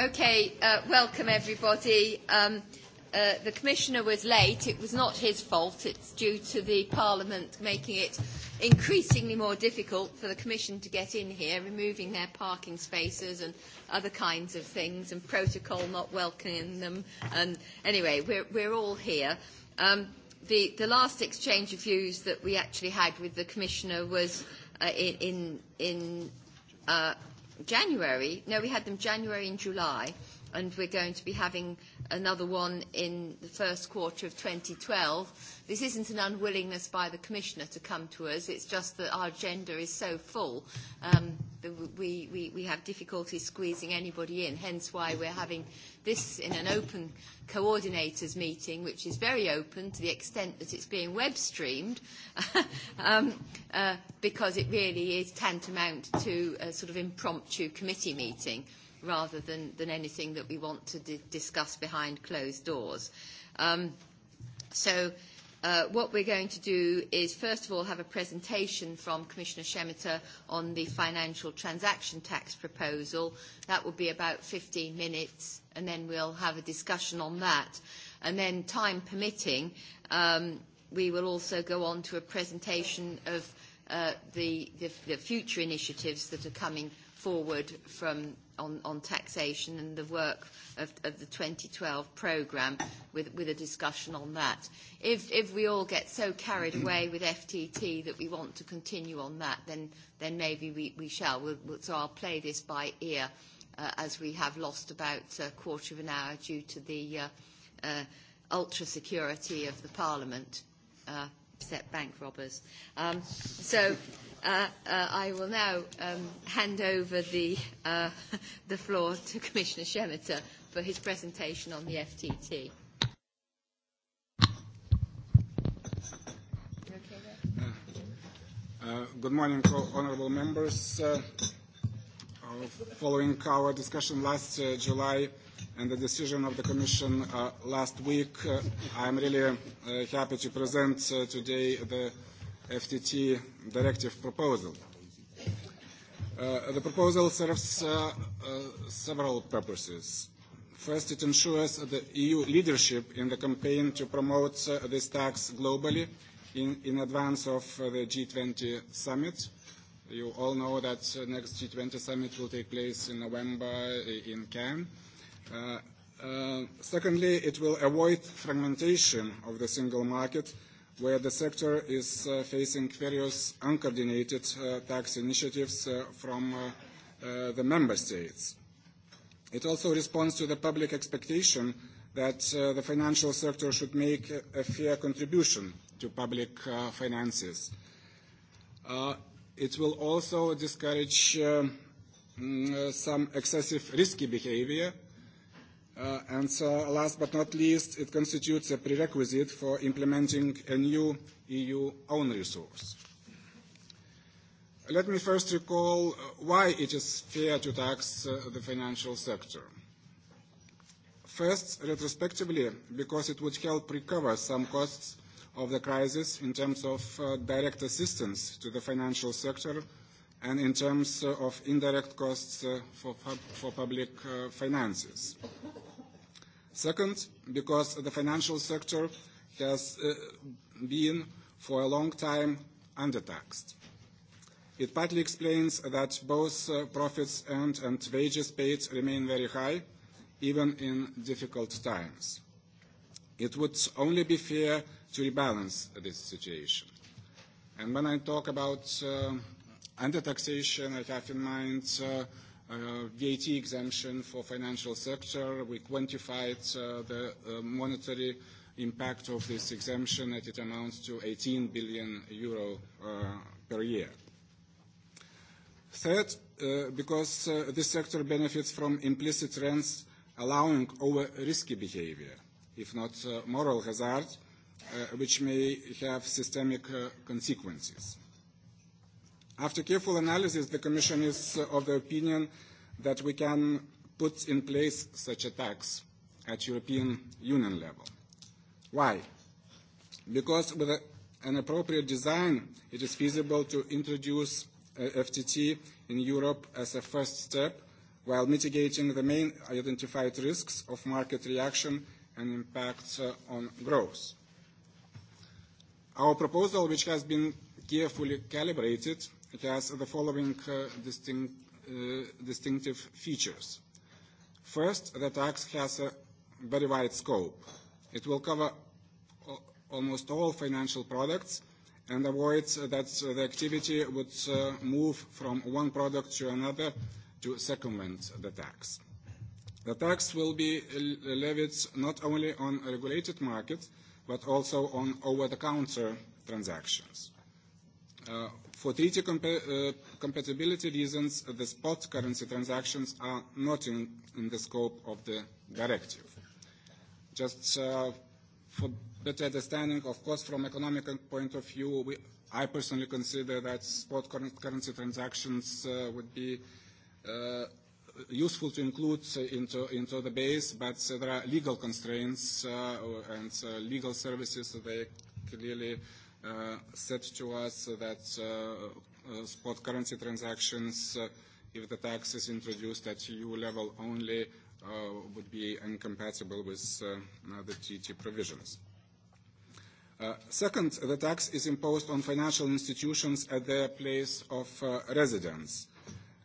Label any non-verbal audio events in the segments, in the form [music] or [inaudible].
Okay, uh, welcome everybody. Um, uh, the Commissioner was late. It was not his fault. It's due to the Parliament making it increasingly more difficult for the Commission to get in here, removing their parking spaces and other kinds of things, and protocol not welcoming them. And anyway, we're, we're all here. Um, the, the last exchange of views that we actually had with the Commissioner was uh, in, in, in uh, January. No, we had them January and July, and we're going to be having another one in the first quarter of 2012 this isn't an unwillingness by the commissioner to come to us. It's just that our agenda is so full um, that we, we, we have difficulty squeezing anybody in. Hence why we're having this in an open coordinators meeting, which is very open to the extent that it's being web streamed, [laughs] um, uh, because it really is tantamount to a sort of impromptu committee meeting rather than, than anything that we want to di- discuss behind closed doors. Um, so, uh, Uh, what we're going to do is, first of all, have a presentation from Commissioner Shemata on the financial transaction tax proposal. That will be about 15 minutes, and then we'll have a discussion on that. And then, time permitting, um, we will also go on to a presentation of uh, the future initiatives that are coming forward from on taxation and the work of, of the 2012 program with, with a discussion on that. If, if we all get so carried mm-hmm. away with FTT that we want to continue on that, then, then maybe we, we shall. We'll, we'll, so I'll play this by ear uh, as we have lost about a quarter of an hour due to the uh, uh, ultra security of the Parliament, uh, except bank robbers. Um, so. Uh, uh, I will now um, hand over uh, [laughs] the floor to Commissioner Shemata for his presentation on the FTT. You okay there? Good morning, honorable members. Following our discussion last July and the decision of the commission last week, I'm really happy to present today the FTT directive proposal. Uh, the proposal serves uh, uh, several purposes. First, it ensures the EU leadership in the campaign to promote uh, this tax globally in, in advance of uh, the G20 summit. You all know that uh, next G20 summit will take place in November in Cannes. Uh, uh, secondly, it will avoid fragmentation of the single market uh, where the sector is uh, facing various uncoordinated uh, tax initiatives uh, from uh, uh, the member states. It also responds to the public expectation that uh, the financial sector should make a, a fair contribution to public uh, finances. Uh, it will also discourage uh, mm, uh, some excessive risky behavior Uh, and so, last but not least, it constitutes a prerequisite for implementing a new EU own resource. Let me first recall uh, why it is fair to tax uh, the financial sector. First, retrospectively, because it would help recover some costs of the crisis in terms of uh, direct assistance to the financial sector and in terms uh, of indirect costs uh, for, pub- for public uh, finances. Second, because the financial sector has uh, been for a long time undertaxed. It partly explains that both uh, profits and, and wages paid remain very high, even in difficult times. It would only be fair to rebalance this situation. And when I talk about uh, and the taxation I have in mind, uh, uh, VAT exemption for financial sector. We quantified uh, the uh, monetary impact of this exemption that it amounts to 18 billion euro uh, per year. Third, uh, because uh, this sector benefits from implicit trends allowing over risky behavior, if not uh, moral hazard, uh, which may have systemic uh, consequences. After careful analysis, the Commission is of the opinion that we can put in place such a tax at European Union level. Why? Because with a, an appropriate design, it is feasible to introduce FTT in Europe as a first step while mitigating the main identified risks of market reaction and impacts uh, on growth. Our proposal, which has been carefully calibrated, it has the following uh, distinct, uh, distinctive features. First, the tax has a very wide scope. It will cover almost all financial products and avoids that the activity would uh, move from one product to another to circumvent the tax. The tax will be levied not only on regulated markets, but also on over-the-counter transactions. Uh, For treaty uh, compatibility reasons, the spot currency transactions are not in, in the scope of the directive. Just uh, for better understanding, of course, from economic point of view, we, I personally consider that spot currency transactions uh, would be uh, useful to include uh, into, into the base, but uh, there are legal constraints uh, and uh, legal services, so they clearly uh, uh, said to us that uh, uh, spot currency transactions, uh, if the tax is introduced at EU level only, uh, would be incompatible with uh, the TT provisions. Uh, second, the tax is imposed on financial institutions at their place of uh, residence.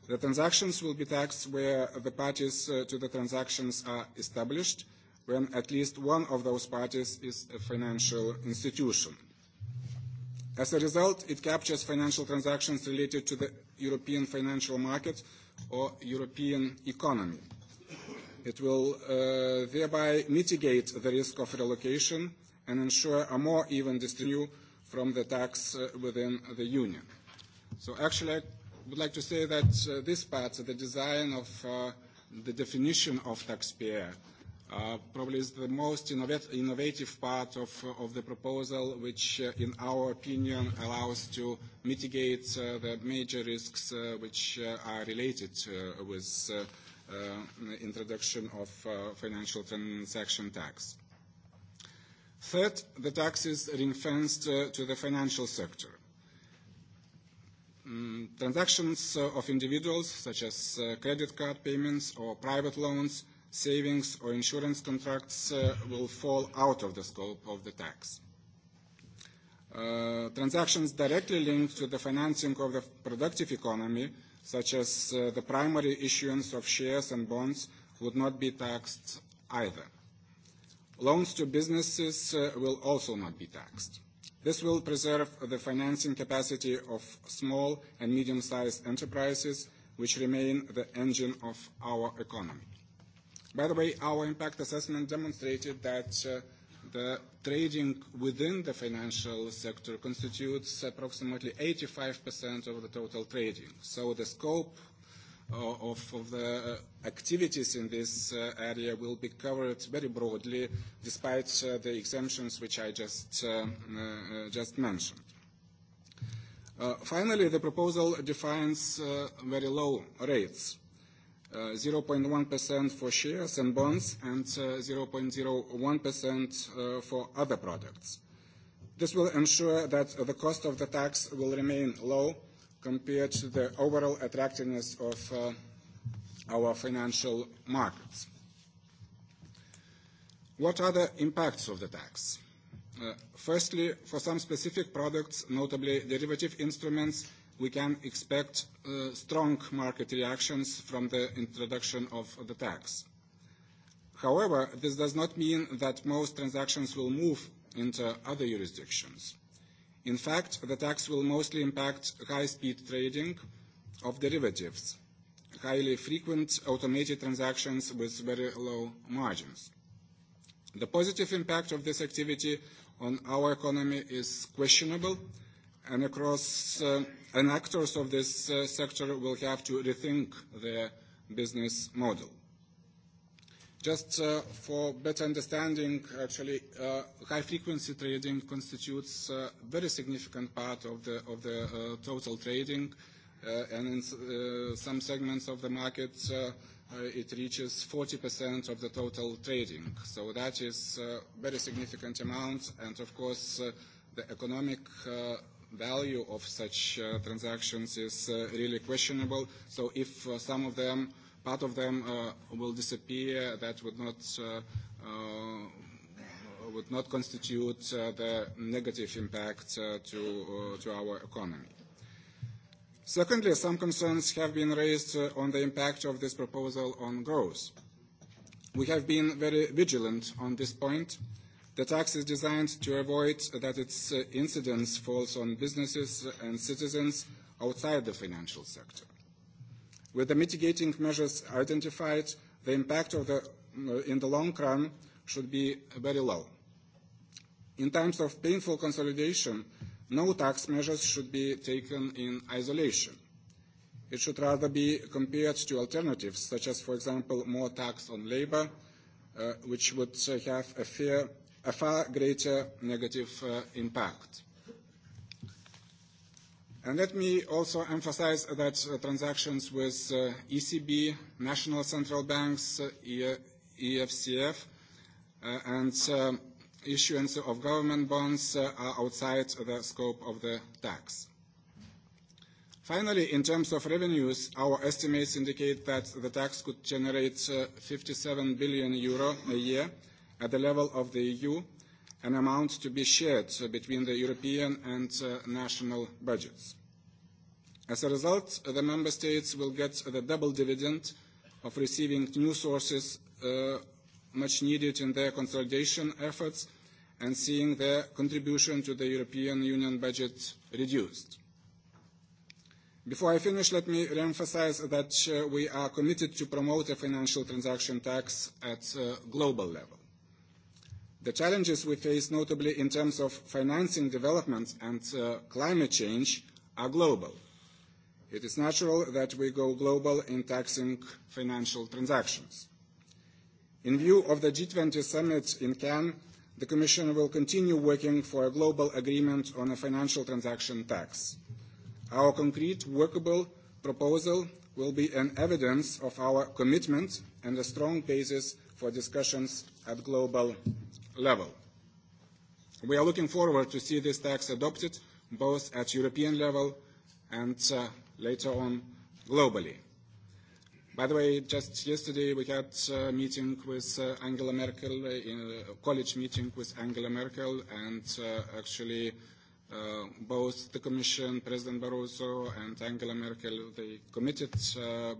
The transactions will be taxed where the parties uh, to the transactions are established, when at least one of those parties is a financial institution. As a result, it captures financial transactions related to the European financial market or European economy. It will uh, thereby mitigate the risk of relocation and ensure a more even distribution from the tax uh, within the Union. So actually, I would like to say that uh, this part, the design of uh, the definition of taxpayer, Uh, probably is the most innovative part of, of the proposal, which, uh, in our opinion, allows to mitigate uh, the major risks uh, which uh, are related uh, with uh, uh, the introduction of uh, financial transaction tax. Third, the tax is ring-fenced uh, to the financial sector. Mm, transactions uh, of individuals, such as uh, credit card payments or private loans, savings or insurance contracts uh, will fall out of the scope of the tax. Uh, transactions directly linked to the financing of the productive economy, such as uh, the primary issuance of shares and bonds, would not be taxed either. Loans to businesses uh, will also not be taxed. This will preserve the financing capacity of small and medium-sized enterprises, which remain the engine of our economy. By the way, our impact assessment demonstrated that uh, the trading within the financial sector constitutes approximately 85% of the total trading. So the scope uh, of, of the uh, activities in this uh, area will be covered very broadly, despite uh, the exemptions which I just, uh, uh, just mentioned. Uh, finally, the proposal defines uh, very low rates. 0.1% uh, for shares and bonds, and 0.01% uh, uh, for other products. This will ensure that the cost of the tax will remain low compared to the overall attractiveness of our financial markets. What are the impacts of the tax? Firstly, for some specific products, notably derivative instruments, we can expect uh, strong market reactions from the introduction of the tax. However, this does not mean that most transactions will move into other jurisdictions. In fact, the tax will mostly impact high-speed trading of derivatives, highly frequent automated transactions with very low margins. The positive impact of this activity on our economy is questionable, uh, and across uh, and actors of this uh, sector will have to rethink their business model. Just uh, for better understanding, actually, uh, high-frequency trading constitutes a uh, very significant part of the, of the uh, total trading, uh, and in uh, some segments of the market, uh, uh it reaches 40% of the total trading. So that is a uh, very significant amount, and of course, uh, the economic uh, value of such uh, transactions is uh, really questionable. So if uh, some of them, part of them uh, will disappear, that would not, uh, uh, would not constitute uh, the negative impact uh, to, uh, to our economy. Secondly, some concerns have been raised uh, on the impact of this proposal on growth. We have been very vigilant on this point. Uh, The tax is designed to avoid that its uh, incidence falls on businesses and citizens outside the financial sector. With the mitigating measures identified, the impact of the, uh, in the long run should be very low. In times of painful consolidation, no tax measures should be taken in isolation. It should rather be compared to alternatives, such as, for example, more tax on labor, uh, which would uh, have a fair a far greater negative uh, impact. And let me also emphasize that uh, transactions with uh, ECB, national central banks, uh, e EFCF, e uh, and uh, issuance of government bonds uh, are outside the scope of the tax. Finally, in terms of revenues, our estimates indicate that the tax could generate uh, 57 billion euro a year, at the level of the EU an amount to be shared so between the European and uh, national budgets. As a result, the Member States will get the double dividend of receiving new sources uh, much needed in their consolidation efforts and seeing their contribution to the European Union budget reduced. Before I finish, let me reemphasize that uh, we are committed to promote a financial transaction tax at uh, global level. The challenges we face, notably in terms of financing development and uh, climate change, are global. It is natural that we go global in taxing financial transactions. In view of the G20 summit in Cannes, the Commission will continue working for a global agreement on a financial transaction tax. Our concrete workable proposal will be an evidence of our commitment and a strong basis for discussions at global level. We are looking forward to see this tax adopted both at European level and uh, later on globally. By the way, just yesterday we had a meeting with uh, Angela Merkel, uh, in a college meeting with Angela Merkel, and uh, actually uh, both the Commission, President Barroso, and Angela Merkel, they committed uh, uh,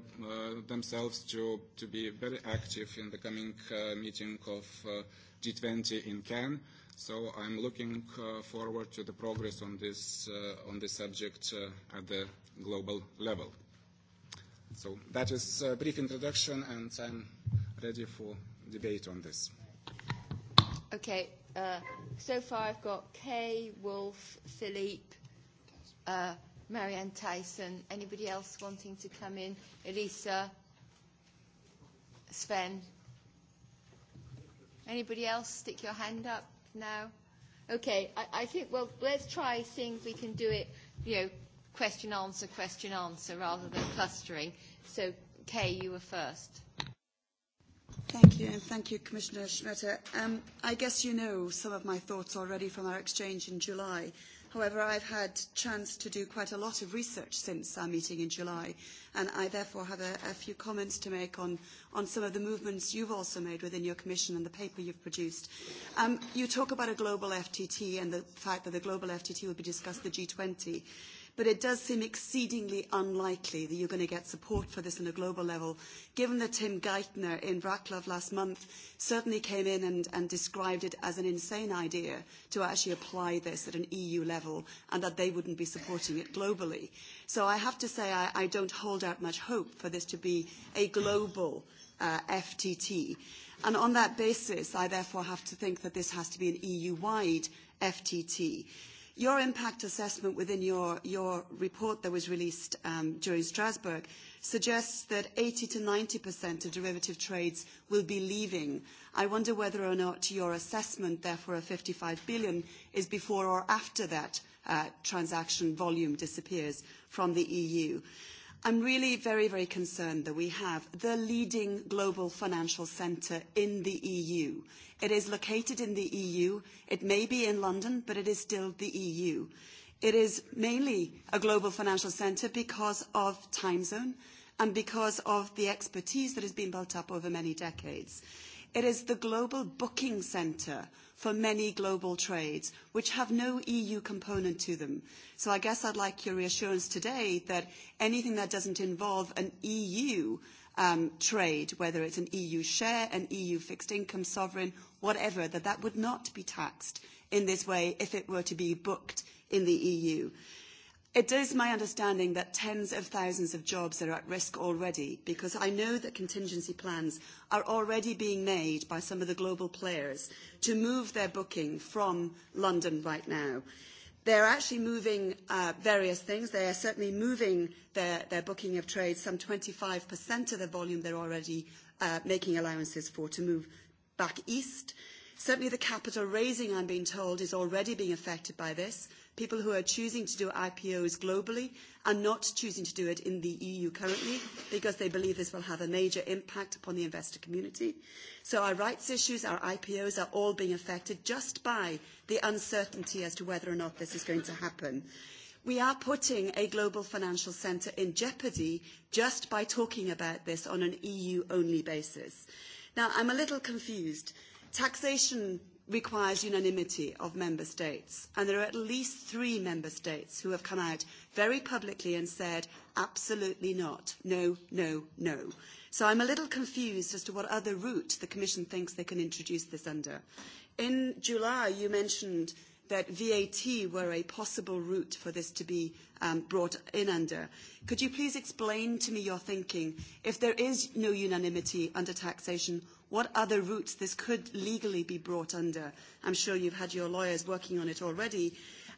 themselves to, to be very active in the coming uh, meeting of uh, G20 in Cannes. So I'm looking uh, forward to the progress on this, uh, on this subject uh, at the global level. So that is a brief introduction, and I'm ready for debate on this. Okay. Uh, so far I've got Kay, Wolf, Philippe, uh, Marianne Tyson. Anybody else wanting to come in? Elisa? Sven? Anybody else stick your hand up now? Okay, I, I think, well, let's try seeing if we can do it, you know, question answer, question answer, rather than clustering. So, Kay, you were first. Thank you, and thank you, Commissioner Schmetter. Um, I guess you know some of my thoughts already from our exchange in July. However, I've had chance to do quite a lot of research since our meeting in July, and I therefore have a, a few comments to make on, on some of the movements you've also made within your commission and the paper you've produced. Um, you talk about a global FTT and the fact that the global FTT will be discussed at the G20 but it does seem exceedingly unlikely that you're going to get support for this on a global level, given that Tim Geithner in Bratislava last month certainly came in and, and described it as an insane idea to actually apply this at an EU level and that they wouldn't be supporting it globally. So I have to say I, I don't hold out much hope for this to be a global uh, FTT. And on that basis, I therefore have to think that this has to be an EU-wide FTT. Your impact assessment within your, your report that was released um, during Strasbourg suggests that 80 to 90% of derivative trades will be leaving. I wonder whether or not your assessment, therefore, of 55 billion is before or after that uh, transaction volume disappears from the EU. I'm really very, very concerned that we have the leading global financial centre in the EU. It is located in the EU. It may be in London, but it is still the EU. It is mainly a global financial centre because of time zone and because of the expertise that has been built up over many decades. It is the global booking centre for many global trades, which have no EU component to them. So I guess I'd like your reassurance today that anything that doesn't involve an EU um, trade, whether it's an EU share, an EU fixed income sovereign, whatever, that that would not be taxed in this way if it were to be booked in the EU. It is my understanding that tens of thousands of jobs are at risk already because I know that contingency plans are already being made by some of the global players to move their booking from London right now. They're actually moving uh, various things. They are certainly moving their, their booking of trade, some 25% of the volume they're already uh, making allowances for, to move back east. Certainly, the capital raising, I'm being told, is already being affected by this. People who are choosing to do IPOs globally are not choosing to do it in the EU currently because they believe this will have a major impact upon the investor community. So our rights issues, our IPOs are all being affected just by the uncertainty as to whether or not this is going to happen. We are putting a global financial centre in jeopardy just by talking about this on an EU-only basis. Now, I'm a little confused taxation requires unanimity of member states and there are at least three member states who have come out very publicly and said absolutely not no no no so i'm a little confused as to what other route the commission thinks they can introduce this under in july you mentioned that VAT were a possible route for this to be um, brought in under. Could you please explain to me your thinking if there is no unanimity under taxation, what other routes this could legally be brought under. I'm sure you've had your lawyers working on it already.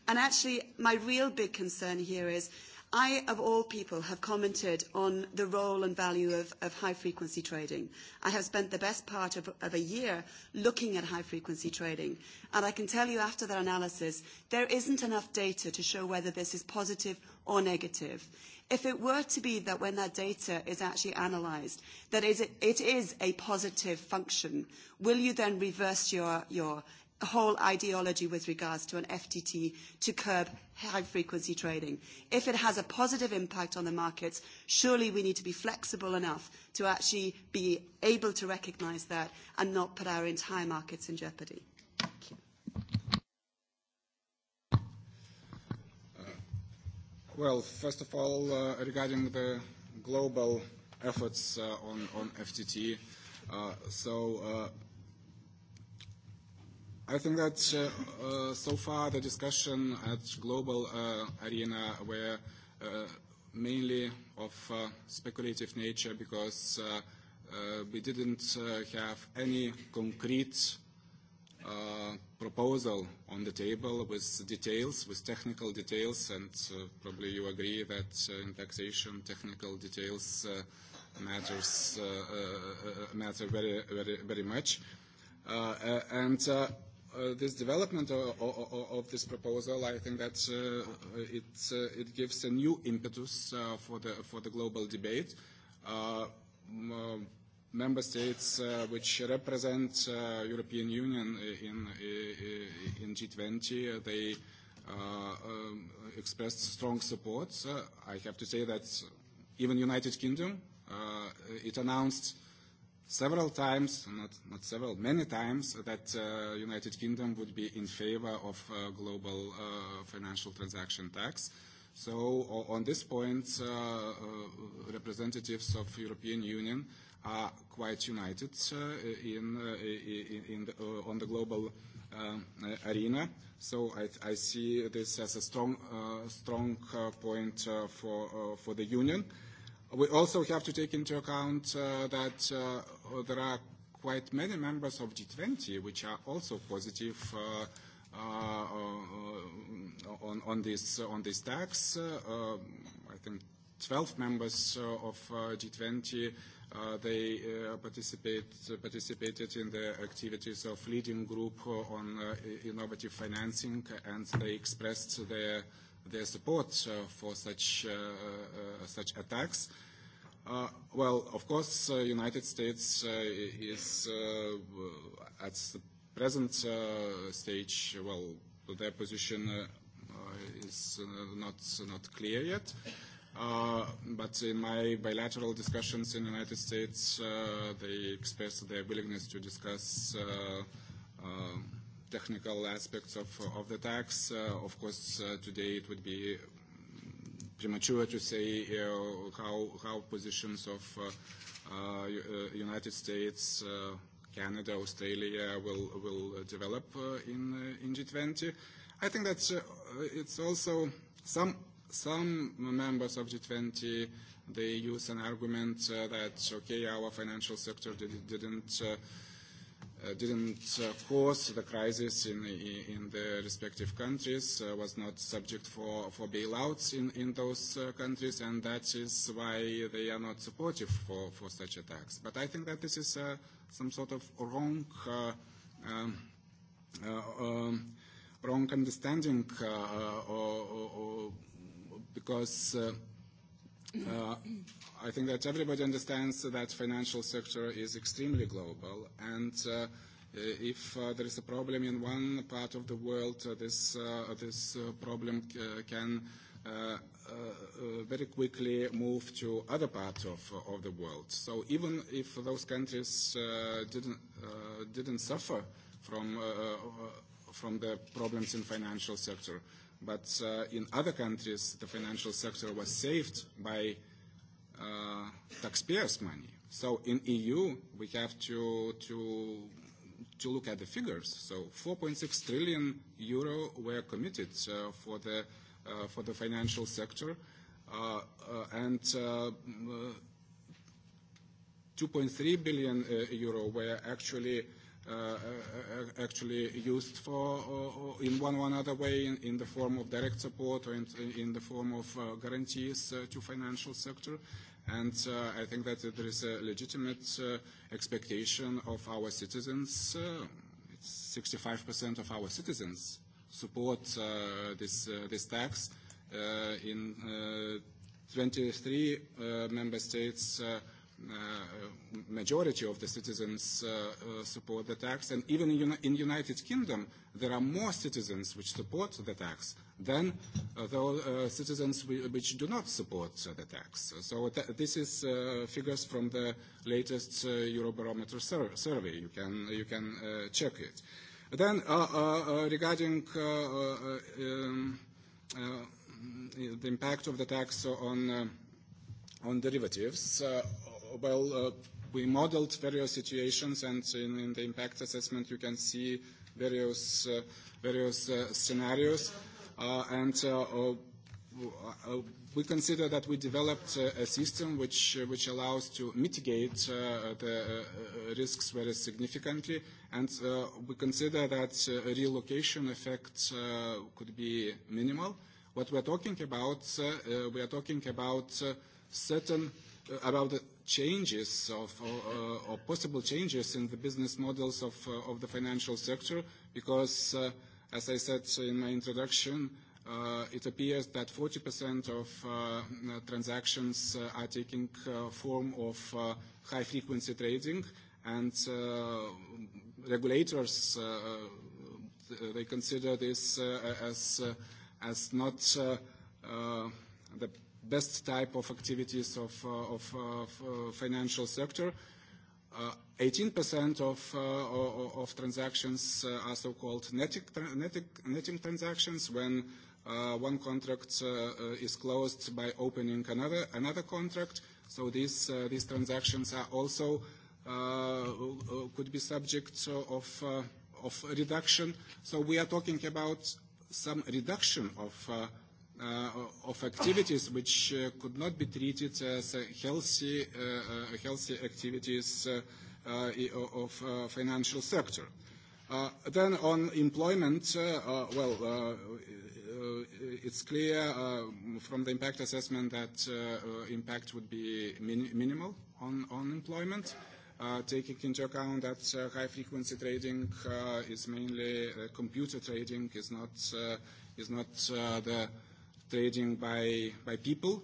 And actually, my real big concern here is I, of all people, have commented on the role and value of, of high-frequency trading. I have spent the best part of, of a year looking at high-frequency trading. And I can tell you after that analysis, there isn't enough data to show whether this is positive or negative. negative if it were to be that when that data is actually analyzed, that is it, it is a positive function, will you then reverse your, your whole ideology with regards to an FTT to curb high-frequency trading? If it has a positive impact on the markets, surely we need to be flexible enough to actually be able to recognize that and not put our entire markets in jeopardy. Well, first of all, uh, regarding the global efforts uh, on, on FTT, uh, so uh, I think that uh, uh, so far the discussion at global uh, arena were uh, mainly of uh, speculative nature because uh, uh, we didn't uh, have any concrete uh, Uh, proposal on the table with details, with technical details, and uh, probably you agree that uh, in taxation technical details uh, matters uh, uh, uh matter very very very much. Uh, uh and uh, uh, this development of, of, of this proposal, I think that uh, it uh, it gives a new impetus uh, for the for the global debate. Uh, member states uh, which represent uh, European Union uh, in, uh, uh, in, in G20, they uh, um, expressed strong support. Uh, I have to say that even United Kingdom, uh, it announced several times, not, not several, many times, that uh, United Kingdom would be in favor of uh, global uh, financial transaction tax. So on this point, uh, uh, representatives of European Union uh, are quite united uh, in, uh, in the, uh, on the global uh, arena. So I, th I see this as a strong, uh, strong uh, point uh, for, uh, for the Union. We also have to take into account uh, that uh, there are quite many members of G20 which are also positive uh, uh, on, on, this, on this tax. Uh, I think 12 members uh, of uh, G20 Uh, they uh, participate, uh, participated in the activities of leading group on uh, innovative financing and they expressed their, their support uh, for such, uh, uh, such attacks. Uh, well, of course, uh, United States uh, is uh, at the present uh, stage, well, their position uh, uh, is uh, not, not clear yet. Uh, Uh, but in my bilateral discussions in the United States, uh, they expressed their willingness to discuss uh, uh, technical aspects of, of the tax. Uh, of course, uh, today it would be premature to say uh, how, how positions of uh, uh, United States, uh, Canada, Australia will, will develop uh, in, uh, in G20. I think that uh, it's also some some members of G20, they use an argument uh, that, okay, our financial sector did, didn't, uh, uh didn't uh, cause the crisis in, in the respective countries, uh, was not subject for, for bailouts in, in those uh, countries, and that is why they are not supportive for, for such attacks. But I think that this is uh, some sort of wrong, uh, um, uh, um, wrong understanding uh, uh, or, or, or because uh, uh, I think that everybody understands that financial sector is extremely global and uh, uh, if uh, there is a problem in one part of the world, uh, this, uh, this uh, problem c- uh, can uh, uh, uh, very quickly move to other parts of, of the world. So even if those countries uh, didn't, uh, didn't suffer from, uh, from the problems in financial sector, uh, but uh, in other countries, the financial sector was saved by uh, taxpayers' money. So in EU, we have to, to, to look at the figures. So 4.6 trillion euro were committed uh, for, the, uh, for the financial sector, uh, uh, and uh, 2.3 uh, billion uh, euro were actually uh, Uh, uh, actually used for uh, in one or another way in, in the form of direct support or in, in the form of uh, guarantees uh, to financial sector. And uh, I think that there is a legitimate uh, expectation of our citizens, uh, it's 65% of our citizens support uh, this, uh, this tax. Uh, in uh, 23 uh, member states, uh, uh, majority of the citizens uh, uh, support the tax, and even in, Uni- in United Kingdom, there are more citizens which support the tax than uh, the uh, citizens which do not support uh, the tax. So th- this is uh, figures from the latest uh, Eurobarometer sur- survey. You can you can uh, check it. Then uh, uh, uh, regarding. Uh, uh, um, uh, the impact of the tax on uh, on derivatives. Uh, Uh, well, uh, we modeled various situations, and in, in the impact assessment, you can see various uh, various uh, scenarios, uh, and. Uh, uh, uh, uh we consider that we developed a system which, which allows to mitigate uh, the risks very significantly, and uh, we consider that uh, relocation effect uh, could be minimal. What we're talking about, uh, we are talking about uh, certain, uh, about the changes of or, uh, uh, or possible changes in the business models of uh, of the financial sector because uh, as i said in my introduction uh, it appears that 40% of uh, uh, transactions uh, are taking uh, form of uh, high frequency trading and uh, regulators uh, uh they consider this uh, as uh, as not uh, uh, the best type of activities of, uh, of uh, uh financial sector. 18% uh, of, uh, of transactions uh, are so-called netting, tra netting, netting transactions when uh, one contract uh, uh, is closed by opening another, another contract. So these, uh, these transactions are also uh, uh could be subject uh, of, uh, of reduction. So we are talking about some reduction of uh, uh, of activities which uh, could not be treated as uh, healthy, uh, uh, healthy activities uh, uh, of uh, financial sector. Uh, then on employment, uh, uh, well, uh, uh, it's clear uh, from the impact assessment that uh, uh impact would be min minimal on, on employment, uh, taking into account that uh, high-frequency trading uh, is mainly uh, computer trading, is not, uh, is not uh, the uh, trading by by people.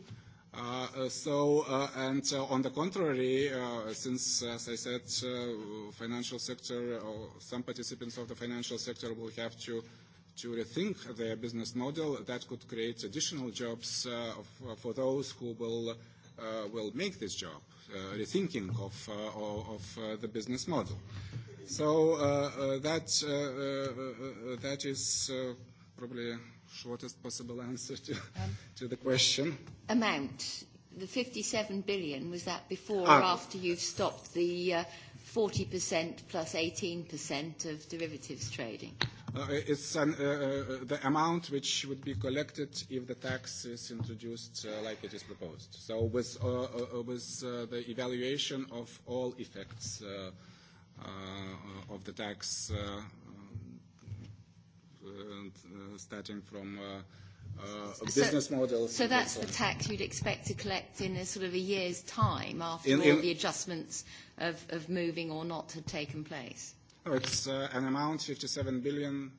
Uh, uh, so uh, and uh, on the contrary, uh, since as I said, uh, financial sector or uh, some participants of the financial sector will have to to rethink their business model, that could create additional jobs uh, uh for those who will uh, will make this job, uh, rethinking of uh, of uh, the business model. So uh, uh, that uh, uh, uh, that is uh, probably. Uh, shortest possible answer to, um, [laughs] to the question. Amount. The 57 billion, was that before uh, or ah. after you've stopped the uh, 40% plus 18% of derivatives trading? Uh, it's an, uh, uh, uh, the amount which would be collected if the tax is introduced uh, like it is proposed. So it was, uh, uh, uh was uh, the evaluation of all effects uh, uh, of the tax uh, Uh, starting from uh, uh, a business model. So that's the tax you'd expect to collect in a sort of a year's time after- In, in- all the adjustments of moving or not had taken place? Oh, it's an amount 57 billion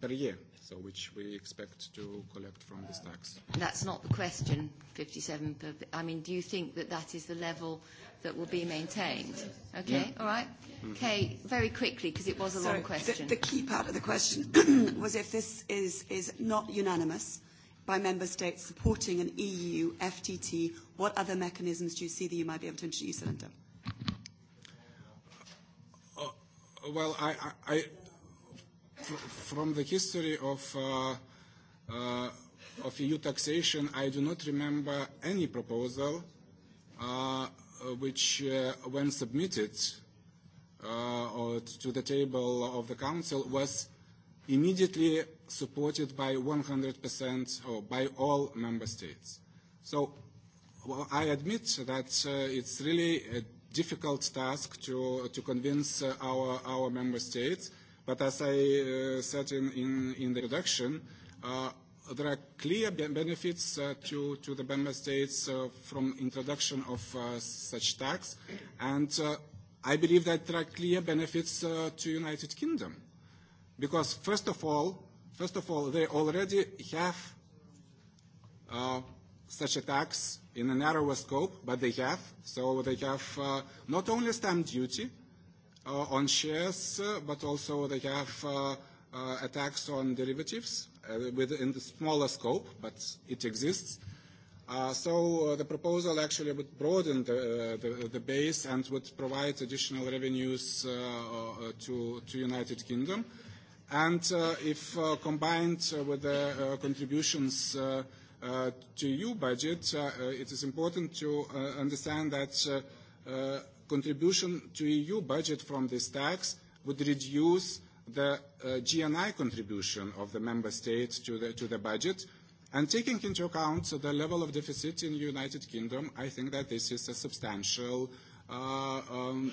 per year so which we expect to collect from this tax. That's not the question, 57 per... I mean, do you think that that is the level that will be maintained? Okay, yeah. all right. Mm-hmm. Okay, very quickly, because it was a Sorry, long question. The, the key part of the question [clears throat] was if this is, is not unanimous by member states supporting an EU FTT, what other mechanisms do you see that you might be able to introduce it into? Uh, well, I... I, I from the history of uh, uh, of EU taxation, I do not remember any proposal uh, which, uh, when submitted uh, or to the table of the Council, was immediately supported by 100% or by all member states. So well, I admit that uh, it's really a difficult task to, to convince uh, our, our member states, But as I uh, said in, in, in the introduction, uh, there are clear be benefits uh, to, to the member states uh, from introduction of uh, such tax. And uh, I believe that there are clear benefits uh, to United Kingdom. Because first of all, first of all, they already have uh, such a tax in a narrower scope, but they have. So they have uh, not only stamp duty, uh, on shares, uh, but also they have uh, uh, attacks on derivatives uh, within the smaller scope, but it exists. Uh, so uh, the proposal actually would broaden the, uh, the, the base and would provide additional revenues uh, uh to, to United Kingdom. And uh, if uh, combined uh, with the uh, contributions uh, uh, to EU budget, uh, uh, it is important to uh, understand that uh, uh, contribution to EU budget from this tax would reduce the uh, GNI contribution of the member states to the, to the budget. And taking into account the level of deficit in the United Kingdom, I think that this is a substantial, uh, um,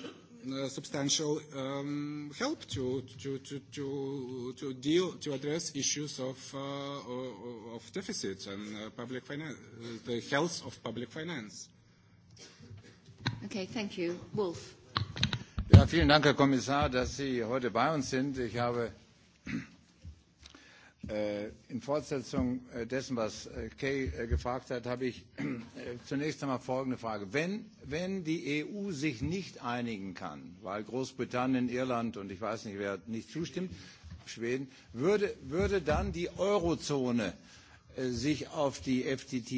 a substantial um, help to, to, to, to, to deal, to address issues of, uh, of deficits and uh, public finance, the health of public finance. Ja, vielen dank herr kommissar dass sie heute bei uns sind. ich habe äh, in fortsetzung äh, dessen was äh, kay gefragt hat zunächst einmal folgende frage wenn die eu sich nicht einigen kann weil großbritannien irland und ich weiß nicht wer nicht zustimmt schweden würde dann die eurozone sich auf die FTT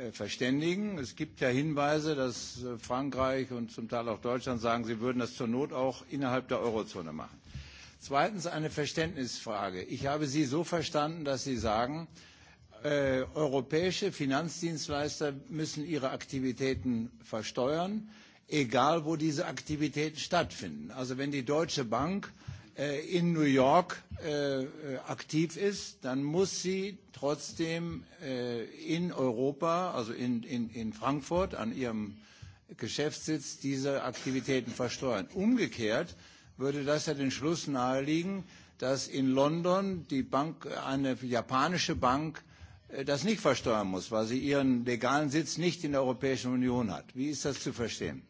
äh, verständigen. Es gibt ja Hinweise, dass äh, Frankreich und zum Teil auch Deutschland sagen, sie würden das zur Not auch innerhalb der Eurozone machen. Zweitens eine Verständnisfrage. Ich habe Sie so verstanden, dass Sie sagen, äh, europäische Finanzdienstleister müssen ihre Aktivitäten versteuern, egal wo diese Aktivitäten stattfinden. Also wenn die Deutsche Bank Äh, in New York äh, äh, aktiv ist, dann muss sie trotzdem äh, in Europa, also in, in, in Frankfurt, an ihrem Geschäftssitz diese Aktivitäten versteuern. Umgekehrt würde das ja den Schluss naheliegen, dass in London die Bank, äh, eine japanische Bank das nicht versteuern muss, weil sie ihren legalen Sitz nicht in der Europäischen Union hat. Wie ist das zu verstehen?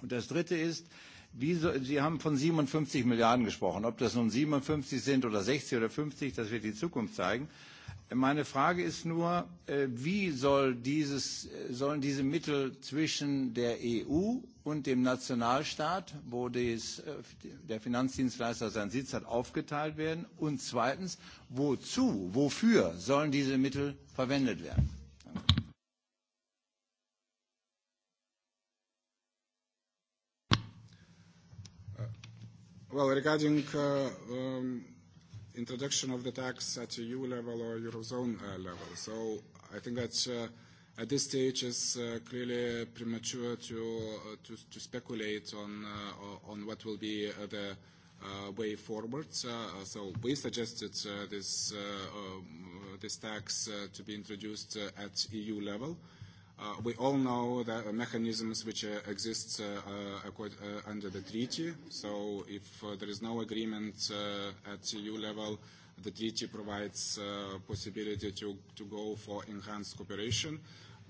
Und das Dritte ist, äh, Wie so, Sie haben von 57 Milliarden gesprochen. Ob das nun 57 sind oder 60 oder 50, das wird die Zukunft zeigen. Meine Frage ist nur, äh, wie soll dieses, äh, sollen diese Mittel zwischen der EU und dem Nationalstaat, wo dies, äh, der Finanzdienstleister seinen Sitz hat, aufgeteilt werden? Und zweitens, wozu, wofür sollen diese Mittel verwendet werden? Well, regarding uh, um, introduction of the tax at EU level or Eurozone uh, level, so I think that uh, at this stage it's uh, clearly premature to, uh, to, to speculate on, uh, on what will be uh, the uh, way forward. Uh, so we suggested uh, this, uh, um, uh, this tax uh, to be introduced uh, at EU level. Uh, Uh, we all know the uh, mechanisms which uh, exist uh, uh, uh, under the treaty. So if uh, there is no agreement uh, at EU level, the treaty provides uh, possibility to, to go for enhanced cooperation.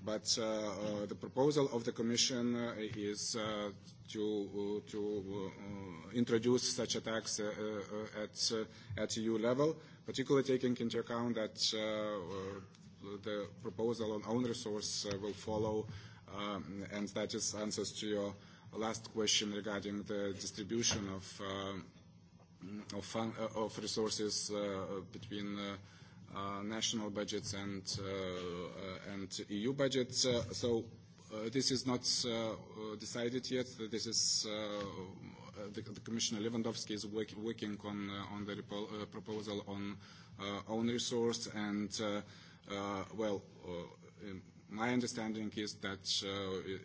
But uh, uh, the proposal of the Commission uh, is uh, to, uh, to uh, introduce such a tax uh, uh, at, uh, at EU level, particularly taking into account that uh, uh, the proposal on own resource uh, will follow, uh, and that is answers to your last question regarding the distribution of uh, of, fun, uh, of resources uh, between uh, uh, national budgets and uh, uh, and EU budgets. Uh, so. Uh, this is not uh, uh, decided yet. This is uh, the, the Commissioner Lewandowski is work, working on uh, on the repo, uh, proposal on uh, own resource, and uh, uh, well, uh, in my understanding is that uh, it,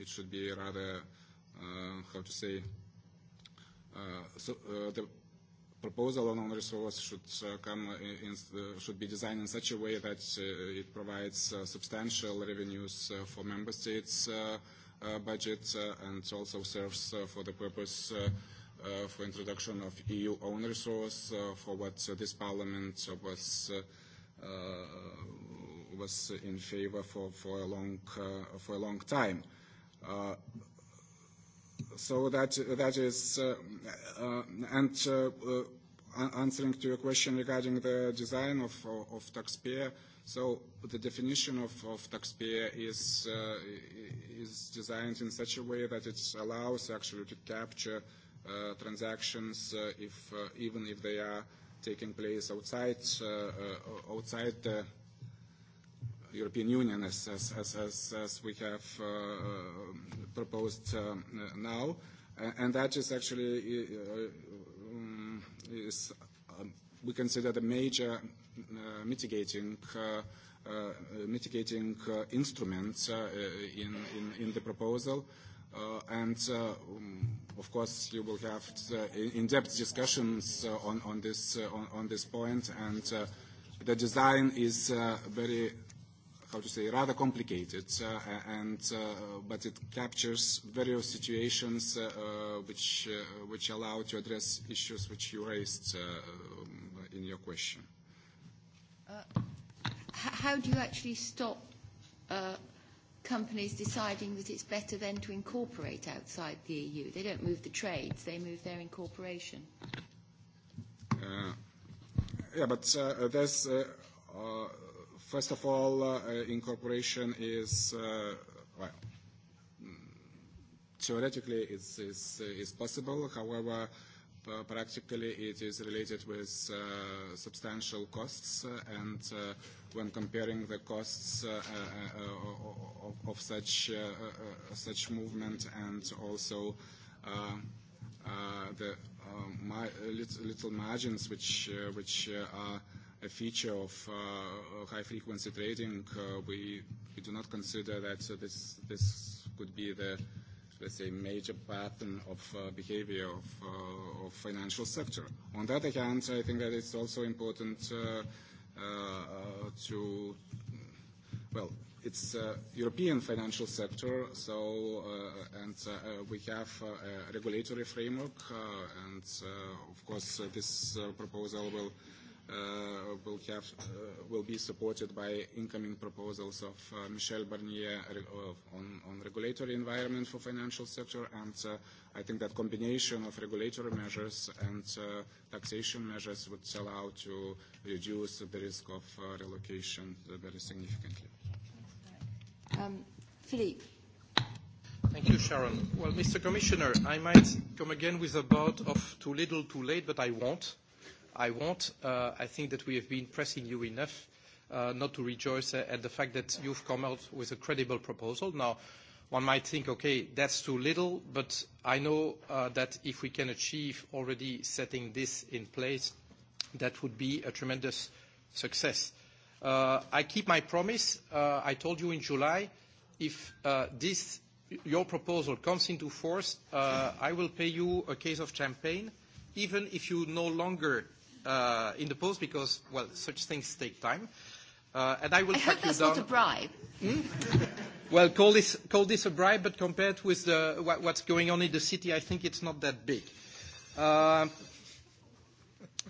it should be rather, uh, how to say, uh, so, uh, the proposal on resource should uh, come in, uh, should be designed in such a way that uh, it provides uh, substantial revenues uh, for member states' uh, uh, budgets uh, and also serves uh, for the purpose uh, uh, for introduction of EU own resource uh, for what uh, this parliament was. Uh, uh, was in favor for, for a long uh, for a long time. Uh, so that that is uh, uh, and uh, uh, answering to your question regarding the design of of, of taxpayer. So the definition of, of taxpayer is uh, is designed in such a way that it allows actually to capture uh, transactions uh, if uh, even if they are taking place outside uh, uh, outside the European Union as, as, as, as, as we have uh, um, proposed um, now. And that is actually, uh, uh um, is, um, we consider the major uh, mitigating, uh, uh, mitigating uh, instrument uh, in, in, in the proposal. Uh, Uh, and uh, um, of course you will have uh, in-depth discussions uh, on, on this uh, on, on this point and uh, the design is uh, very how to say rather complicated uh, and uh, but it captures various situations uh, uh which uh, which allow to address issues which you raised uh, um, in your question uh, how do you actually stop uh companies deciding that it's better then to incorporate outside the EU? They don't move the trades, they move their incorporation. Uh, yeah, but uh, there's, uh, uh, first of all, uh, uh incorporation is, uh, well, mm, theoretically it's, it's, uh, it's possible. However, uh, practically it is related with uh, substantial costs uh, and uh, when comparing the costs uh, uh, uh of, of such uh, uh, uh, such movement and also uh, uh, the uh, my, uh, little, little margins which uh, which uh, are a feature of uh, high frequency trading uh, we, we do not consider that so this this could be the uh, let's say, major pattern of uh, behavior of, uh, of financial sector. On the other hand, I think that it's also important uh, uh, to, well, it's uh, European financial sector, so uh, and uh, we have uh, a regulatory framework, uh, and uh, of course uh, this uh, proposal will uh, uh, will have uh, will be supported by incoming proposals of uh, Michel Barnier of, on, on regulatory environment for financial sector and uh, I think that combination of regulatory measures and uh, taxation measures would allow to reduce the risk of uh, relocation uh, very significantly. Um, Philippe. Thank you, Sharon. Well, Mr. Commissioner, I might come again with a bout of too little, too late, but I won't. Uh, I won't. Uh, I think that we have been pressing you enough uh, not to rejoice at the fact that you've come out with a credible proposal. Now, one might think, okay, that's too little, but I know uh, that if we can achieve already setting this in place, that would be a tremendous success. Uh, I keep my promise. Uh, I told you in July, if uh, this, your proposal comes into force, uh, I will pay you a case of champagne, even if you no longer uh, in the polls because, well, such things take time. Uh, and I will. I hope that's down. not a bribe. Hmm? [laughs] well, call this, call this a bribe, but compared with the, what, what's going on in the city, I think it's not that big. Uh,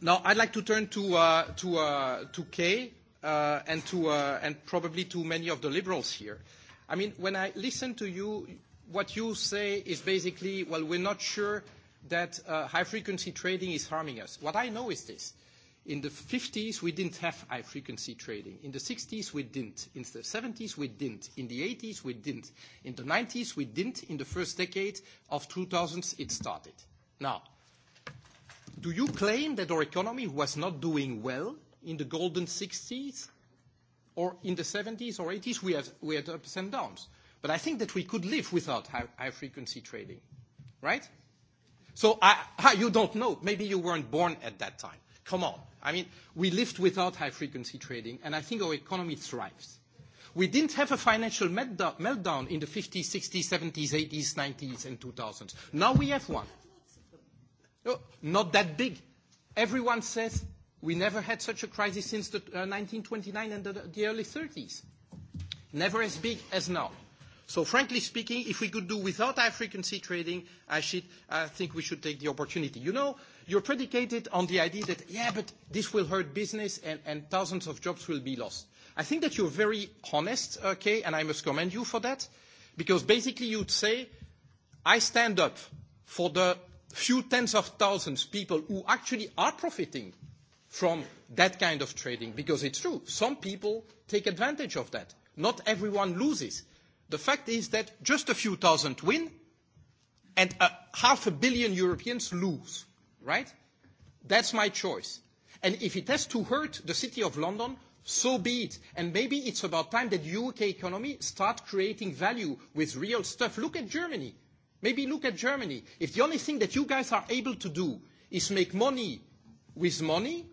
now, I'd like to turn to, uh, to, uh, to Kay uh, and, to, uh, and probably to many of the liberals here. I mean, when I listen to you, what you say is basically, well, we're not sure that uh, high-frequency trading is harming us. What I know is this. In the 50s, we didn't have high-frequency trading. In the 60s, we didn't. In the 70s, we didn't. In the 80s, we didn't. In the 90s, we didn't. In the first decade of 2000s, it started. Now, do you claim that our economy was not doing well in the golden 60s or in the 70s or 80s? We, have, we had ups and downs. But I think that we could live without high-frequency high trading, right? So I, I, you don't know. Maybe you weren't born at that time. Come on. I mean, we lived without high frequency trading, and I think our economy thrives. We didn't have a financial meltdown in the 50s, 60s, 70s, 80s, 90s, and 2000s. Now we have one. Oh, not that big. Everyone says we never had such a crisis since the, uh, 1929 and the, the early 30s. Never as big as now. So frankly speaking, if we could do without high-frequency trading, I, should, I think we should take the opportunity. You know, you're predicated on the idea that, yeah, but this will hurt business and, and thousands of jobs will be lost. I think that you're very honest, okay, and I must commend you for that, because basically you'd say, I stand up for the few tens of thousands of people who actually are profiting from that kind of trading, because it's true. Some people take advantage of that. Not everyone loses. The fact is that just a few thousand win and a half a billion Europeans lose, right? That's my choice. And if it has to hurt the city of London, so be it. And maybe it's about time that UK economy start creating value with real stuff. Look at Germany. Maybe look at Germany. If the only thing that you guys are able to do is make money with money,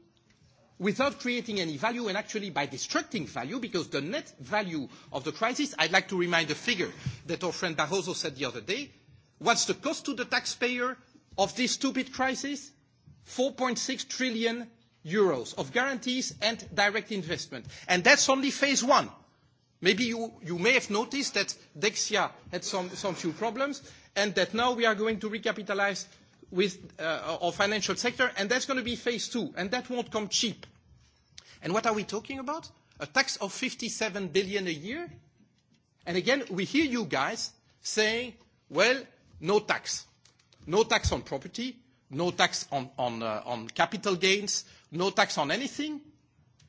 without creating any value and actually by destructing value because the net value of the crisis, I'd like to remind the figure that our friend Barroso said the other day, what's the cost to the taxpayer of this stupid crisis? 4.6 trillion euros of guarantees and direct investment. And that's only phase one. Maybe you, you may have noticed that Dexia had some, some few problems and that now we are going to recapitalize with uh, our financial sector, and that's going to be phase two, and that won't come cheap. And what are we talking about? A tax of 57 billion a year? And again, we hear you guys saying, well, no tax. No tax on property, no tax on, on, uh, on capital gains, no tax on anything,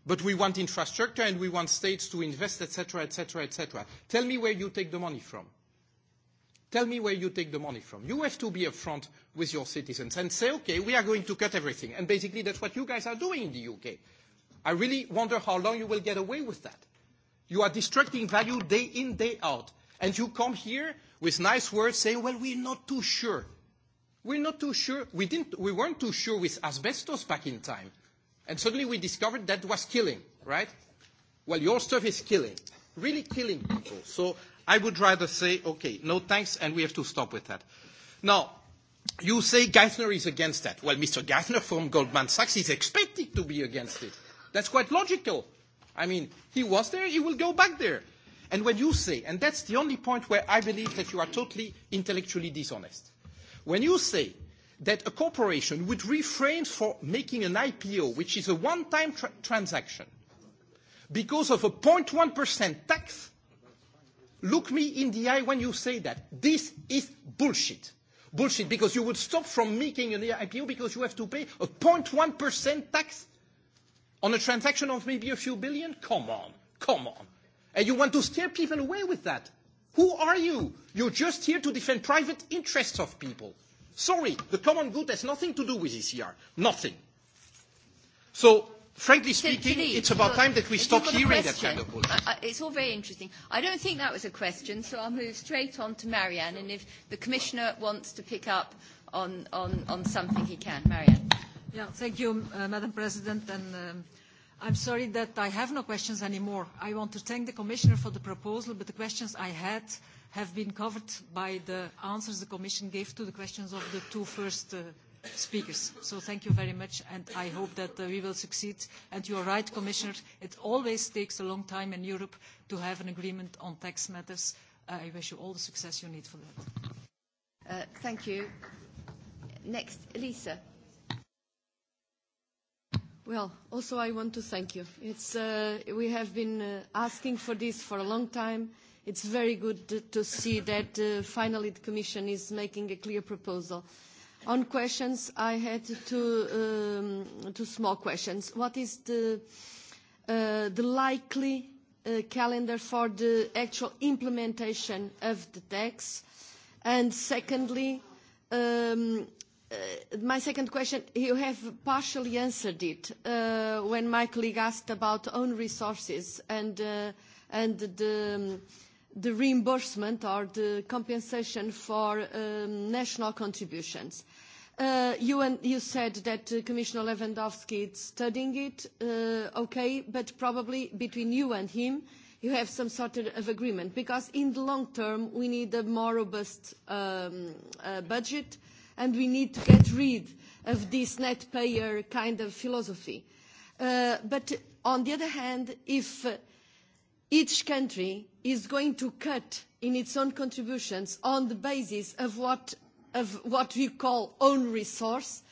but we want infrastructure and we want states to invest, etc., etc., etc. Tell me where you take the money from tell me where you take the money from. You have to be upfront with your citizens and say, okay, we are going to cut everything. And basically, that's what you guys are doing in the UK. I really wonder how long you will get away with that. You are destructing value day in, day out. And you come here with nice words saying, well, we're not too sure. We're not too sure. We, didn't, we weren't too sure with asbestos back in time. And suddenly we discovered that was killing, right? Well, your stuff is killing, really killing people. So I would rather say, okay, no thanks, and we have to stop with that. Now, you say Geithner is against that. Well, Mr. Geithner from Goldman Sachs is expected to be against it. That's quite logical. I mean, he was there, he will go back there. And when you say, and that's the only point where I believe that you are totally intellectually dishonest, when you say that a corporation would refrain for making an IPO, which is a one-time tra- transaction, because of a 0.1% tax, look me in the eye when you say that. This is bullshit. Bullshit, because you would stop from making an IPO because you have to pay a 0.1% tax on a transaction of maybe a few billion? Come on, come on. And you want to steer people away with that? Who are you? You're just here to defend private interests of people. Sorry, the common good has nothing to do with ECR. Nothing. So frankly speaking, Philippe, it's about uh, time that we stop hearing question, that kind of bullshit. I, uh, I, uh, it's all very interesting. I don't think that was a question, so I'll move straight on to Marianne. And if the Commissioner wants to pick up on, on, on something, he can. Marianne. Yeah, thank you, uh, Madam President. And um, I'm sorry that I have no questions anymore. I want to thank the Commissioner for the proposal, but the questions I had have been covered by the answers the Commission gave to the questions of the two first uh, speakers so thank you very much and i hope that uh, we will succeed and you are right commissioner it always takes a long time in europe to have an agreement on tax matters i wish you all the success you need for that uh, thank you next lisa well, also I want to thank you. It's, uh, we have been uh, asking for this for a long time. It's very good to, to see that uh, finally the Commission is making a clear proposal. Uh, On questions, I had um, two small questions. What is the uh, likely uh, calendar for the actual implementation of the tax? And secondly, um, uh, my second question, you have partially answered it when my colleague asked about own resources and um, the reimbursement or the compensation for national contributions. Uh, you, and you said that uh, Commissioner Lewandowski is studying it, uh, okay, but probably between you and him you have some sort of agreement, because in the long term we need a more robust um, uh, budget and we need to get rid of this net payer kind of philosophy. Uh, but on the other hand, if uh, each country is going to cut in its own contributions on the basis of what of what we call own resource.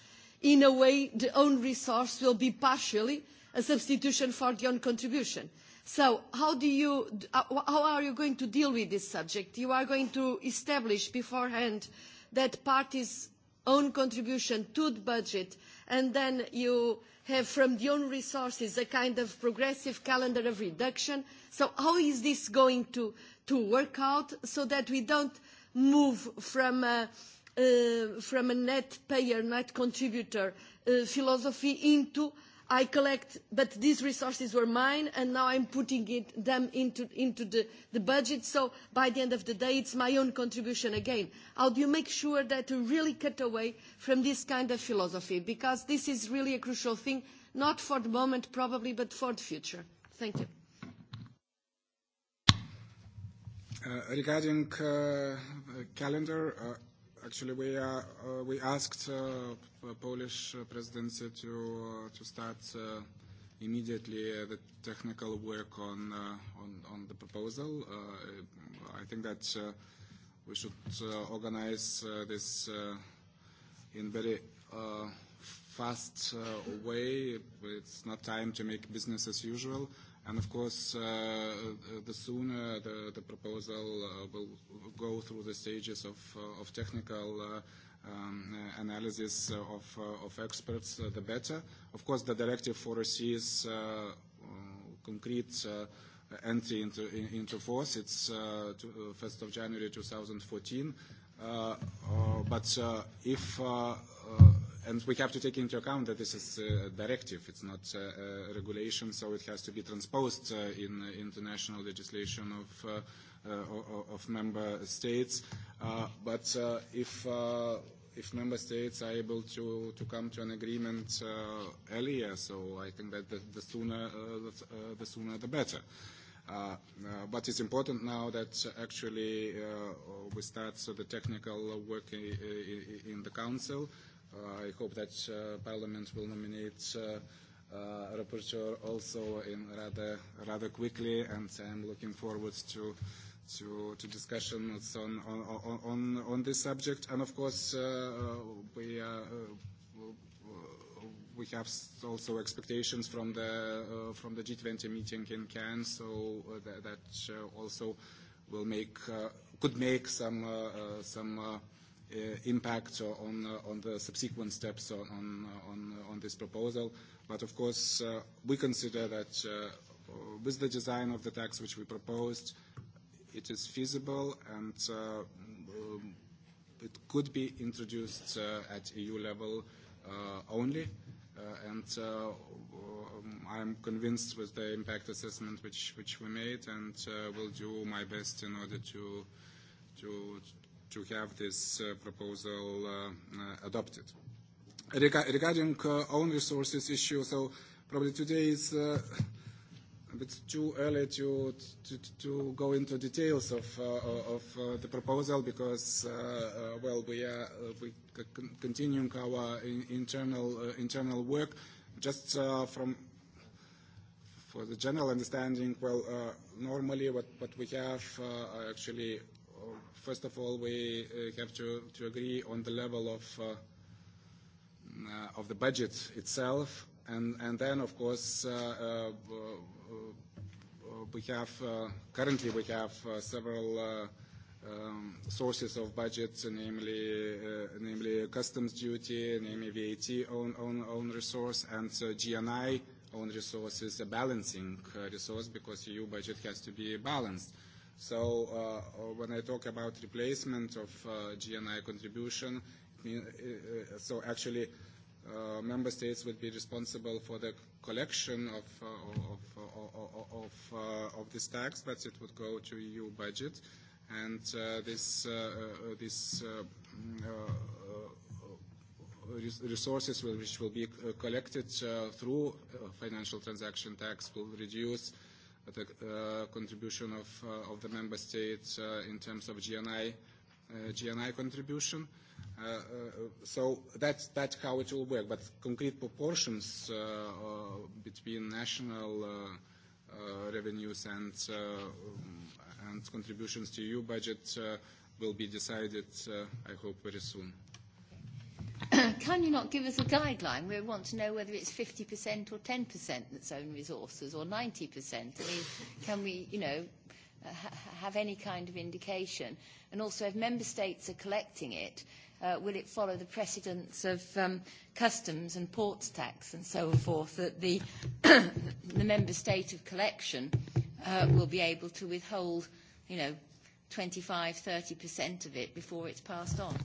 In a way, the own resource will be partially a substitution for the own contribution. So how, do you, uh, how are you going to deal with this subject? You are going to establish beforehand that parties own contribution to the budget, and then you have from the own resources a kind of progressive calendar of reduction. So how is this going to, to work out so that we don't move from... Uh, Uh, from a net payer, net contributor uh, philosophy into I collect, but these resources were mine, and now I'm putting it, them into, into the, the budget, so by the end of the day, it's my own contribution again. How do you make sure that you really cut away from this kind of philosophy? Because this is really a crucial thing, not for the moment probably, but for the future. Thank you. Uh, regarding uh, calendar, uh actually we are uh, uh, we asked uh, Polish presidency to uh, to start uh, immediately uh, the technical work on uh, on on the proposal uh, I think that uh, we should uh, organize uh, this uh, in very uh, fast uh, way it's not time to make business as usual uh, And of course, uh, uh, the sooner the, the proposal uh, will go through the stages of, uh, of technical uh, um, uh, analysis uh, of, uh, of experts, uh, the better. Of course, the directive foresees uh, uh concrete uh, entry into, in, into force. It's uh, to, uh, 1st of January 2014. Uh, uh, but uh, if uh, and we have to take into account that this is a directive, it's not a, a regulation, so it has to be transposed uh, in uh, international legislation of, uh, uh, of member states. Uh, but uh, if, uh, if member states are able to, to come to an agreement uh, earlier, so I think that the, the, sooner, uh, the, uh, the sooner the better. Uh, uh, but it's important now that actually uh, we start so the technical work in, uh, in, in the council uh, I hope that uh, Parliament will nominate uh, uh, rapporteur also in rather rather quickly, and I'm looking forward to to to discussion on on on on this subject. And of course, uh, uh we uh, uh, we have also expectations from the uh, from the G20 meeting in Cannes, so uh, that, that also will make uh, could make some uh, some. Uh, Uh, impact on uh, on the subsequent steps on on on, on this proposal. But of course, uh, we consider that uh, with the design of the tax which we proposed, it is feasible and uh, um, it could be introduced uh, at EU level uh, only. Uh, and uh, um, I'm convinced with the impact assessment which, which we made and uh, will do my best in order to, to, to have this uh, proposal uh, uh adopted. Reg regarding uh, own resources issue, so probably today is uh, a bit too early to, to, to go into details of, uh, of uh, the proposal because, uh, uh, well, we are uh, we c continuing our in internal, uh, internal work. Just uh, from for the general understanding, well, uh, normally what, what we have uh, actually first of all, we uh, have to, to agree on the level of, uh, uh, of the budget itself. And, and then, of course, uh, uh, uh, we have, uh, currently we have uh, several uh, um, sources of budgets, namely, uh, namely customs duty, namely VAT own, own, own resource, and so uh, GNI own resources, a balancing uh, resource, because EU budget has to be balanced. Uh, So uh, uh, when I talk about replacement of uh, GNI contribution, uh, uh, so actually uh, member states would be responsible for the collection of, uh, of, uh, of, uh, of this tax, but it would go to EU budget. And uh, this, uh, uh, this uh, mm, uh, resources which will be collected uh, through financial transaction tax will reduce uh, the uh, contribution of uh, of the member states uh, in terms of GNI uh, GNI contribution. Uh, uh, so that's that's how it will work. But concrete proportions uh, uh, between national uh, uh, revenues and uh, um, and contributions to EU budget uh, will be decided, uh, I hope, very soon. [coughs] can you not give us a guideline? We want to know whether it's 50% or 10% that's own resources or 90%. I mean, can we, you know, uh, ha have any kind of indication? And also, if member states are collecting it, uh, will it follow the precedence of um, customs and ports tax and so forth that the, [coughs] the member state of collection uh, will be able to withhold, you know, 25, 30% of it before it's passed on?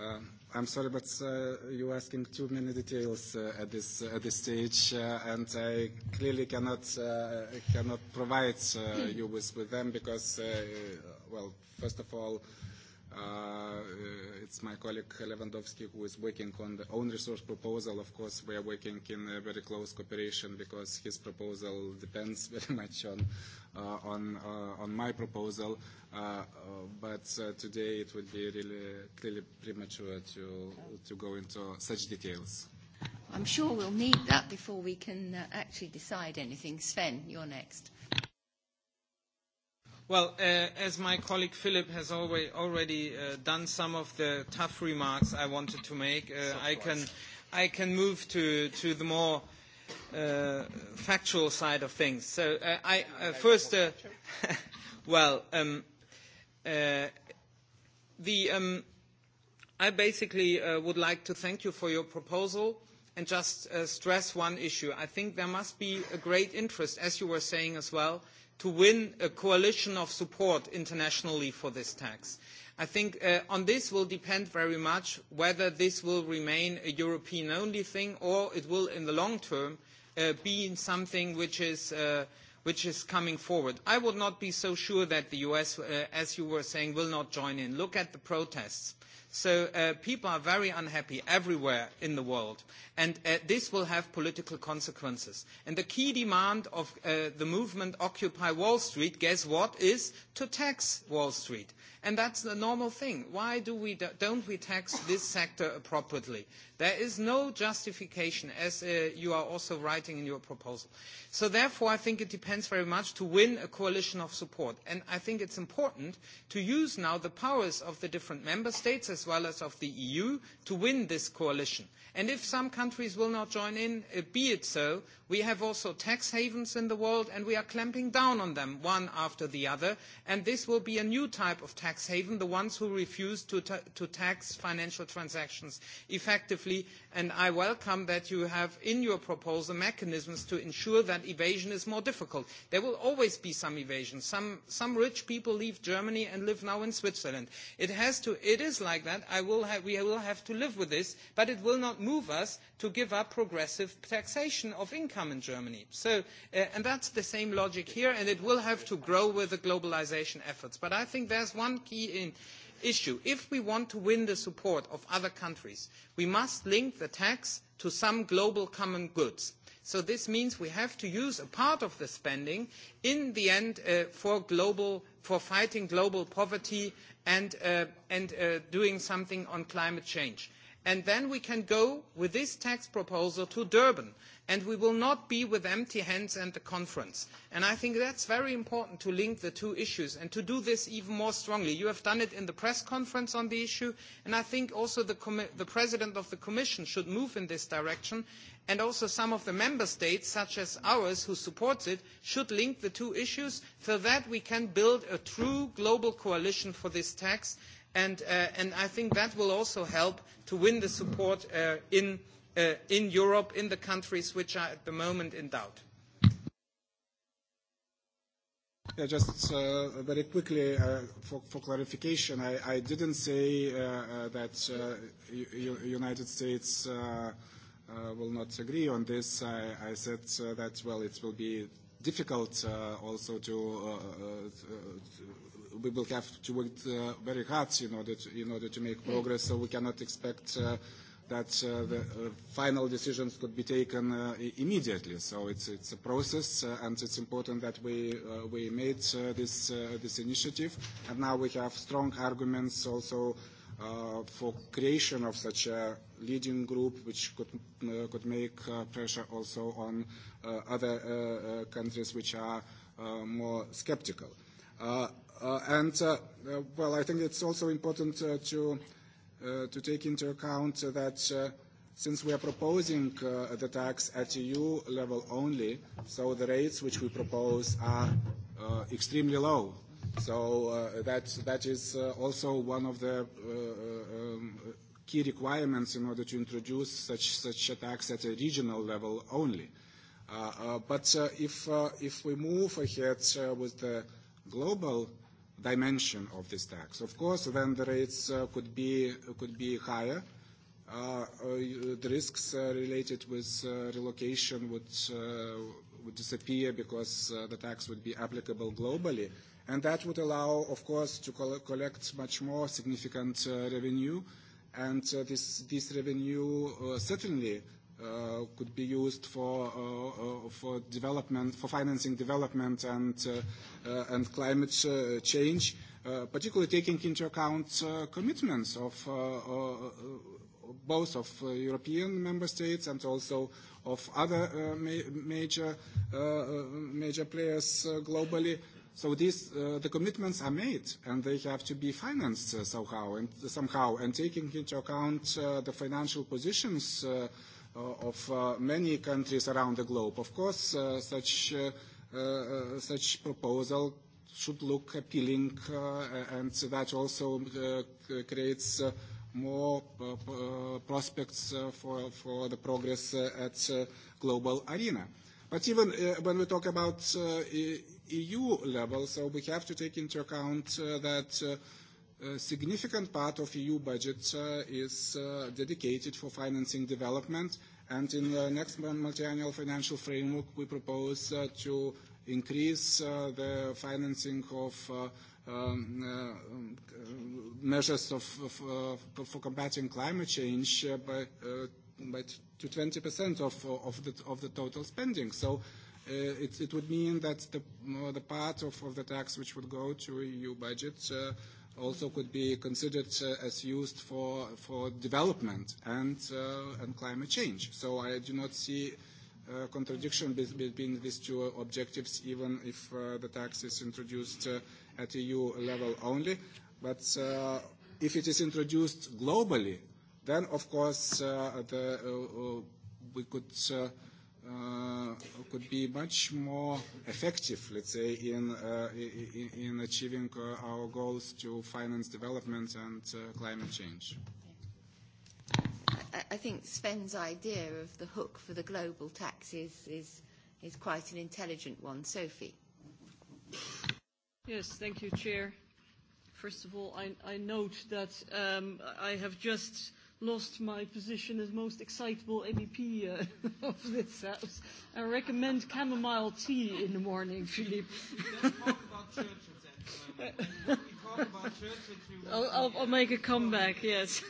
Uh, I'm sorry, but uh, you're asking too many details uh, at this uh, at this stage, uh, and I clearly cannot uh, cannot provide uh, you with with them because, uh, well, first of all. Uh, it's my colleague Lewandowski who is working on the own resource proposal. Of course, we are working in a very close cooperation because his proposal depends [laughs] very much on uh, on uh, on my proposal. Uh, uh, but uh, today it would be really clearly premature to to go into such details. I'm sure we'll need that before we can uh, actually decide anything. Sven, you're next. Well, uh, as my colleague Philip has already, already uh, done some of the tough remarks I wanted to make, uh, I, can, I can move to, to the more uh, factual side of things. So, uh, I, uh, first, uh, [laughs] well, um, uh, the, um, I basically uh, would like to thank you for your proposal and just uh, stress one issue. I think there must be a great interest, as you were saying as well to win a coalition of support internationally for this tax. I think uh, on this will depend very much whether this will remain a European only thing or it will in the long term uh, be in something which is, uh, which is coming forward. I would not be so sure that the US, uh, as you were saying, will not join in. Look at the protests. So uh, people are very unhappy everywhere in the world. And uh, this will have political consequences. And the key demand of uh, the movement Occupy Wall Street, guess what, is to tax Wall Street. And that's the normal thing. Why do we do- don't we tax this sector appropriately? There is no justification, as uh, you are also writing in your proposal. So therefore, I think it depends very much to win a coalition of support. And I think it's important to use now the powers of the different member states, as as well as of the EU, to win this coalition. And if some countries will not join in, uh, be it so, we have also tax havens in the world and we are clamping down on them one after the other. And this will be a new type of tax haven, the ones who refuse to, ta- to tax financial transactions effectively. And I welcome that you have in your proposal mechanisms to ensure that evasion is more difficult. There will always be some evasion. Some, some rich people leave Germany and live now in Switzerland. It, has to, it is like that that I will have, we will have to live with this but it will not move us to give up progressive taxation of income in germany so uh, and that's the same logic here and it will have to grow with the globalization efforts but i think there's one key in issue if we want to win the support of other countries we must link the tax to some global common goods So this means we have to use a part of the spending in the end uh, for, global, for fighting global poverty and, uh, and uh, doing something on climate change and then we can go with this tax proposal to durban and we will not be with empty hands at the conference. And I think that's very important to link the two issues and to do this even more strongly. You have done it in the press conference on the issue, and I think also the, the President of the Commission should move in this direction, and also some of the member states, such as ours, who supports it, should link the two issues so that we can build a true global coalition for this tax and, uh, and I think that will also help to win the support uh, in, uh, in Europe, in the countries which are at the moment in doubt. Yeah, just uh, very quickly uh, for, for clarification, I, I didn't say uh, uh, that uh, U- United States uh, uh, will not agree on this. I, I said uh, that well, it will be difficult uh, also to, uh, uh, to we will have to work uh, very hard in order to, in order to make progress. So we cannot expect uh, that uh, the uh, final decisions could be taken uh, immediately. So it's it's a process, uh, and it's important that we uh, we made uh, this uh, this initiative, and now we have strong arguments also. Uh, for creation of such a leading group, which could uh, could make uh, pressure also on uh, other uh, uh, countries which are uh, more skeptical. Uh, Uh, and, uh, uh, well, I think it's also important uh, to, uh, to take into account uh, that uh, since we are proposing uh, the tax at EU level only, so the rates which we propose are uh, extremely low. So uh, that, that is uh, also one of the uh, uh, um, key requirements in order to introduce such, such a tax at a regional level only. Uh, uh, but uh, if, uh, if we move ahead uh, with the global uh, dimension of this tax. Of course, then the rates uh, could be could be higher. Uh, uh, the risks uh, related with uh, relocation would uh, would disappear because uh, the tax would be applicable globally, and that would allow, of course, to col- collect much more significant uh, revenue. And uh, this this revenue uh, certainly uh, could be used for uh, uh, for development for financing development and uh, uh, and climate uh, change, uh, particularly taking into account uh, commitments of uh, uh, uh both of uh, European member states and also of other uh, ma major uh, uh, major players uh, globally. So these uh, the commitments are made, and they have to be financed uh, somehow and somehow. And taking into account uh, the financial positions. Uh, uh, of uh, many countries around the globe. Of course, uh, such, uh, uh, such proposal should look appealing uh, and that also uh, creates uh, more uh, uh, prospects uh, for, for the progress uh, at uh, global arena. But even uh, when we talk about uh, EU e level, so we have to take into account uh, that uh, significant part of EU budget uh, is uh, dedicated for financing development, and in the next multi-annual financial framework, we propose uh, to increase uh, the financing of uh um, uh, um, uh, measures of, of, uh, for combating climate change uh, by, uh, by t- to 20 percent of, uh, of, the, of the total spending. So. Uh, it, it would mean that the, uh, the part of, of the tax which would go to EU budget uh, also could be considered uh, as used for, for development and, uh, and climate change. So I do not see a uh, contradiction be- between these two objectives, even if uh, the tax is introduced uh, at EU level only. But uh, if it is introduced globally, then of course uh, the, uh, uh, we could uh, uh, could be much more effective, let's say, in, uh, in, in achieving uh, our goals to finance development and uh, climate change. I think Sven's idea of the hook for the global taxes is, is quite an intelligent one. Sophie. Yes, thank you, Chair. First of all, I, I note that um, I have just lost my position as most excitable MEP uh, [laughs] of this house. I recommend chamomile tea in the morning, Philippe. I'll, I'll, I'll make a comeback, yes.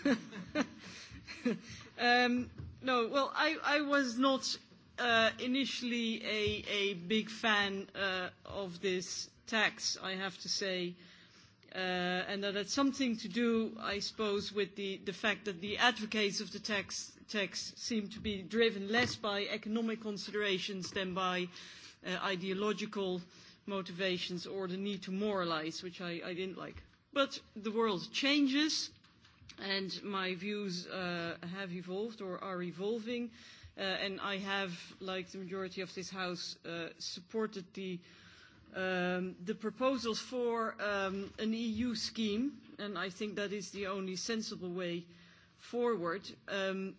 [laughs] um, no, well, I, I was not uh, initially a, a big fan uh, of this tax, I have to say. Uh, uh, and that had something to do, I suppose, with the, the fact that the advocates of the text, text seem to be driven less by economic considerations than by uh, ideological motivations or the need to moralize, which I, I didn't like. But the world changes, and my views uh, have evolved or are evolving, uh, and I have, like the majority of this House, uh, supported the. Uh, um, the proposals for um, an EU scheme, and I think that is the only sensible way forward. Um,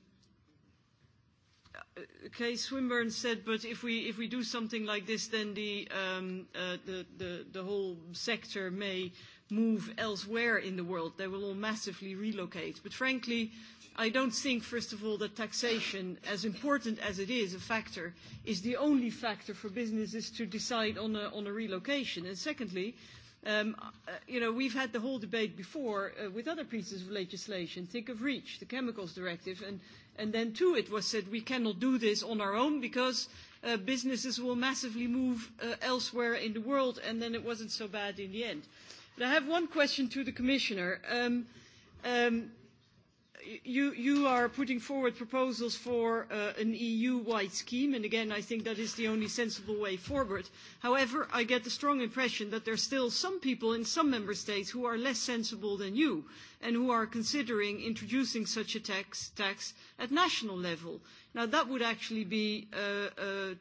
Okay, uh, Swinburne said, but if we if we do something like this, then the, um, uh, the the the whole sector may move elsewhere in the world. They will all massively relocate. But frankly, I don't think, first of all, that taxation, as important as it is a factor, is the only factor for businesses to decide on a, on a relocation. And secondly, um, uh, you know, we've had the whole debate before uh, with other pieces of legislation. Think of REACH, the chemicals directive, and, and then too it was said we cannot do this on our own because uh, businesses will massively move uh, elsewhere in the world and then it wasn't so bad in the end. But I have one question to the Commissioner. Um, um, you, you are putting forward proposals for uh, an EU wide scheme, and again, I think that is the only sensible way forward. However, I get the strong impression that there are still some people in some member states who are less sensible than you and who are considering introducing such a tax, tax at national level. Now, that would actually be uh, uh,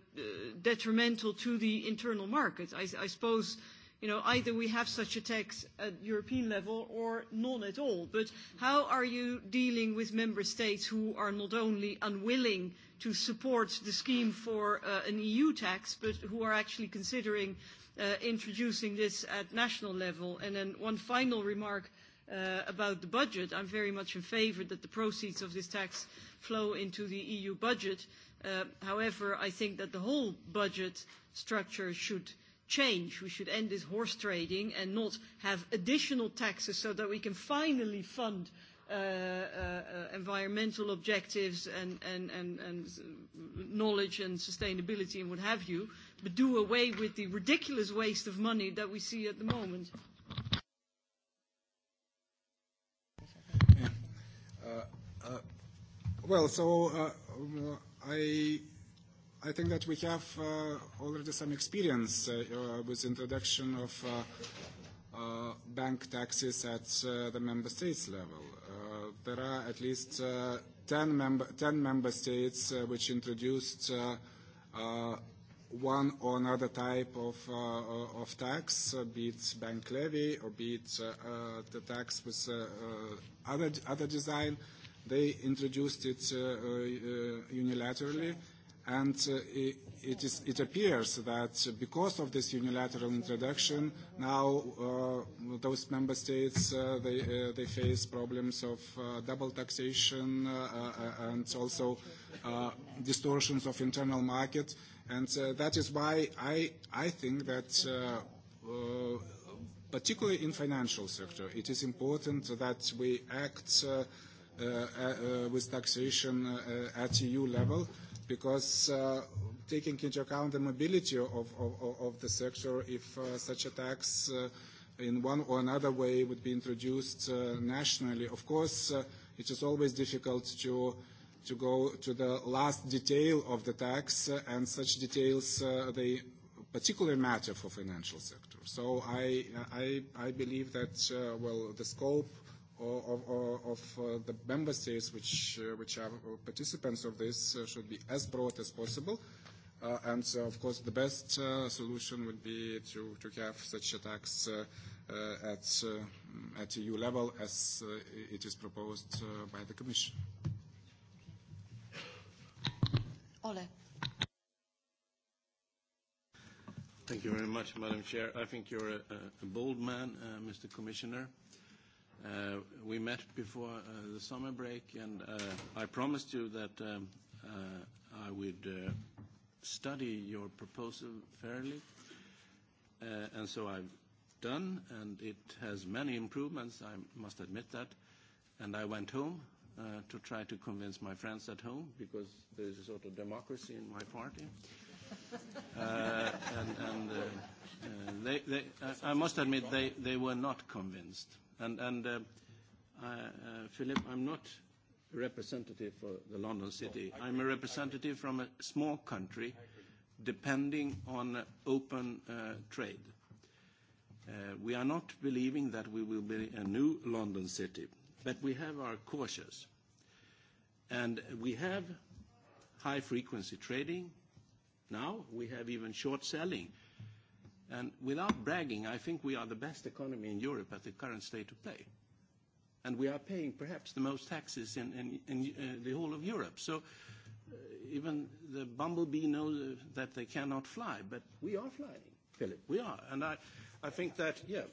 detrimental to the internal market. I, I suppose you know, either we have such a tax at European level or none at all. But how are you dealing with member states who are not only unwilling to support the scheme for uh, an EU tax, but who are actually considering uh, introducing this at national level? And then one final remark. Uh, about the budget. I'm very much in favor that the proceeds of this tax flow into the EU budget. Uh, however, I think that the whole budget structure should uh, change. We should end this horse trading and not have additional taxes so that we can finally fund uh, uh, uh, environmental objectives and, and, and, and knowledge and sustainability and what have you, but do away with the ridiculous waste of money that we see at the moment. Yeah. Uh, uh, well, so uh, I. I think that we have uh, already some experience uh, uh, with introduction of uh, uh, bank taxes at uh, the member states level. Uh, there are at least uh, 10, mem- 10 member states uh, which introduced uh, uh, one or another type of, uh, uh, of tax, uh, be it bank levy or be it uh, uh, the tax with uh, uh, other, other design. They introduced it uh, uh, unilaterally. Sure. And uh, it, is, it appears that because of this unilateral introduction, now uh, those member states, uh, they, uh, they face problems of uh, double taxation uh, uh, uh, and also uh, distortions of internal market. And uh, that is why I, I think that uh, uh, particularly in financial sector, it is important that we act uh, Uh, uh, uh, with taxation uh, at EU level because uh, taking into account the mobility of, of, of the sector, if uh, such a tax uh, in one or another way would be introduced uh, nationally, of course, uh, it is always difficult to, to go to the last detail of the tax, uh, and such details, uh, they particularly matter for financial sector. So I, I, I believe that, uh, well, the scope of, of, of uh, the member states which, uh, which are uh, participants of this uh, should be as broad as possible. Uh, and, so uh, of course, the best uh, solution would be to, to have such a tax uh, uh, at, uh, at EU level as uh, it is proposed uh, by the Commission. Ole. Thank you very much, Madam Chair. I think you're a, a bold man, uh, Mr. Commissioner. Uh, Uh, we met before uh, the summer break, and uh, I promised you that um, I would study your proposal fairly. And so I've done, and it has many improvements, I must admit that. And I went home to try to convince my friends at home, because there is a sort of democracy in my party. And they, I must admit, they were not convinced. Uh, uh, Philip, I'm not a representative for the London no, City. No, I agree. I'm a representative from a small country. I agree. depending on uh, open trade. We are not believing that we will be a new London City, but we have our cautious. We have high-frequency trading. Now, we have even short selling, Without bragging, I think we are the best economy in Europe at the current state of play. We are paying perhaps the most taxes in uh, the whole of Europe. Uh, even the bumblebee know uh, that they cannot fly, but we are flying, Philip. We are. I think that, yeah.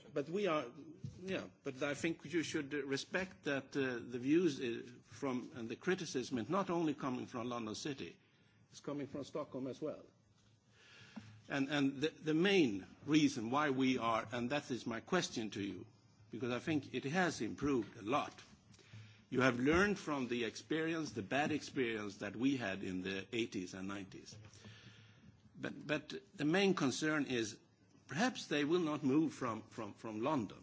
I think you should respect that the views from, and the criticism is not only coming from London City, it's coming from Stockholm as well and and the, the main reason why we are, and that is my question to you, because I think it has improved a lot. You have learned from the experience, the bad experience that we had in the 80s and 90s. But, but the main concern is perhaps they will not move from, from, from London.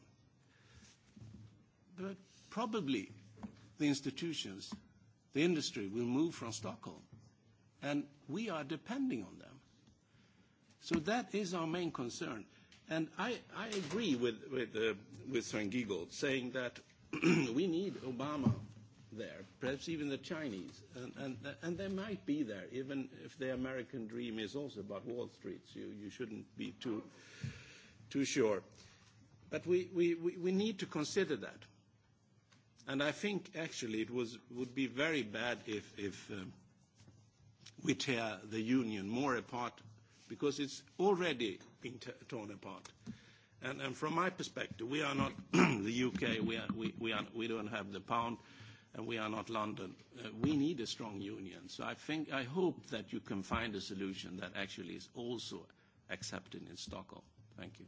But probably the institutions, the industry will move from Stockholm. And we are depending on them. That is our main concern. I agree uh, with Sven Giegold saying that [clears throat] we need Obama there, perhaps even the Chinese. They might be there, even if the American dream is also about Wall Street, so you shouldn't be too sure. We need to consider that. I think actually it would be very bad if uh, we tear the union more apart because it's already been t- torn apart. And, and from my perspective, we are not [clears throat] the UK, we, are, we, we, are, we don't have the pound, and we are not London. Uh, we need a strong union. So I, think, I hope that you can find a solution that actually is also accepted in Stockholm. Thank you.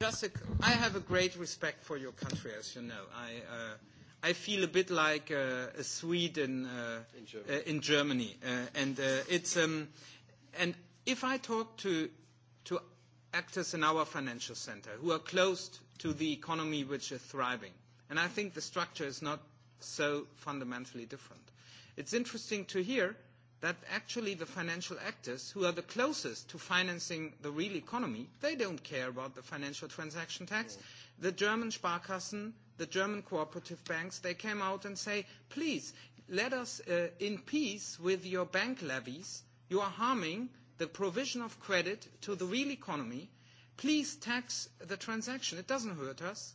Jessica, I have a great respect for your country, as you know. I, uh, I feel a bit like uh, a Swede in, uh, in Germany. Uh, in Germany. Uh, and, uh, it's, um, and if I talk to, to actors in our financial center who are close to the economy which is thriving, and I think the structure is not so fundamentally different, it's interesting to hear that actually the financial actors who are the closest to financing the real economy, they don't care about the financial transaction tax. Yeah. Mm. The German Sparkassen the German cooperative banks, they came out and say, please, let us uh, in peace with your bank levies. You are harming the provision of credit to the real economy. Please tax the transaction. It doesn't hurt us.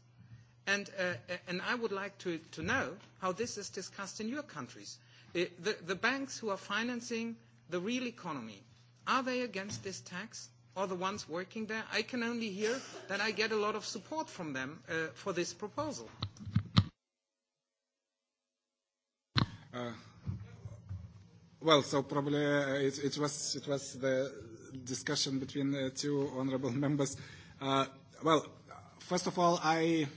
And, uh, uh and I would like to, to know how this is discussed in your countries. Uh, the, the banks who are financing the real economy, are they against this tax? are the ones working there. I can only hear that I get a lot of support from them uh, for this proposal. Uh, well, so probably uh, it, it was it was the discussion between the two honourable [laughs] members. Uh, well, first of all, I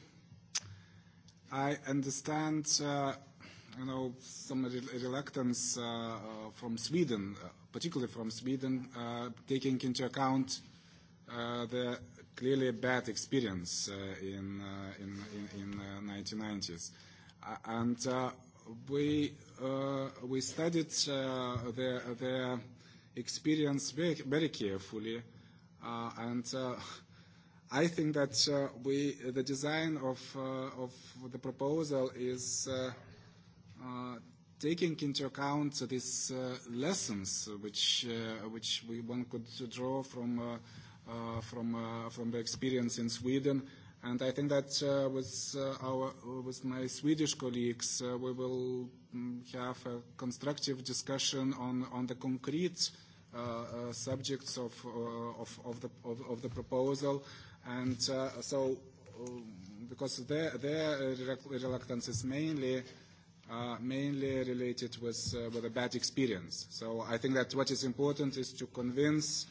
I understand. Uh, you know, some re reluctance uh, uh, from Sweden, uh, particularly from Sweden, uh, taking into account uh, the clearly bad experience uh, in, uh, in in in the uh, 1990s, uh, and uh, we uh, we studied uh, the the experience very very carefully, uh, and. Uh, I think that uh, we the design of uh, of the proposal is uh, Uh, taking into account uh, these uh, lessons which, uh, which we, one could draw from, uh, uh, from, uh, from the experience in Sweden. And I think that uh, with, uh, our, with my Swedish colleagues, uh, we will mm, have a constructive discussion on, on the concrete uh, uh, subjects of, uh, of, of, the, of, of the proposal. And uh, so, uh, because their, their reluctance is mainly uh, uh, mainly related with, uh, with a bad experience. So I think that what is important is to convince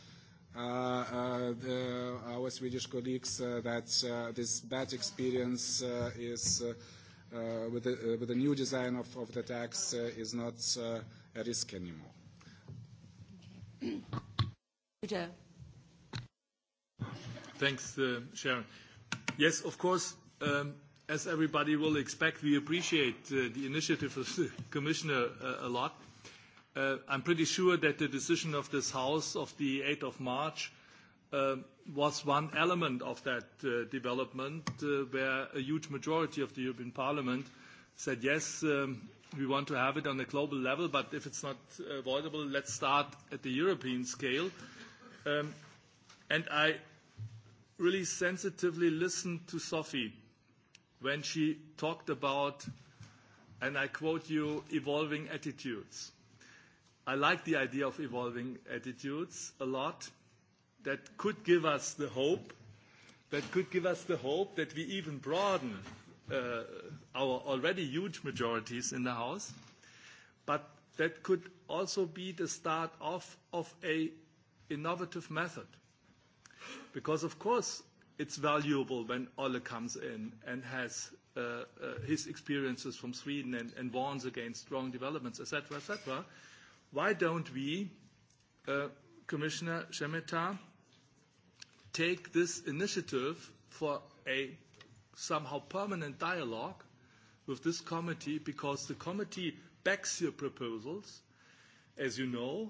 uh, uh, the, our Swedish colleagues uh, that uh, this bad experience uh, is, uh, uh, with, the, uh, with the new design of, of the tax uh, is not uh, a risk anymore. Thanks, uh, Sharon. Yes, of course. Um, as everybody will expect, we appreciate uh, the initiative of the [laughs] Commissioner uh, a lot. Uh, I'm pretty sure that the decision of this House of the 8th of March uh, was one element of that uh, development uh, where a huge majority of the European Parliament said, yes, um, we want to have it on a global level, but if it's not avoidable, let's start at the European scale. Um, and I really sensitively listened to Sophie when she talked about, and I quote you, evolving attitudes. I like the idea of evolving attitudes a lot. That could give us the hope, that could give us the hope that we even broaden uh, our already huge majorities in the House, but that could also be the start of, of an innovative method. Because, of course, it's valuable when Ole comes in and has uh, uh, his experiences from Sweden and, and warns against strong developments, etc., cetera, etc. Cetera. Why don't we, uh, Commissioner Shemeta, take this initiative for a somehow permanent dialogue with this committee because the committee backs your proposals, as you know,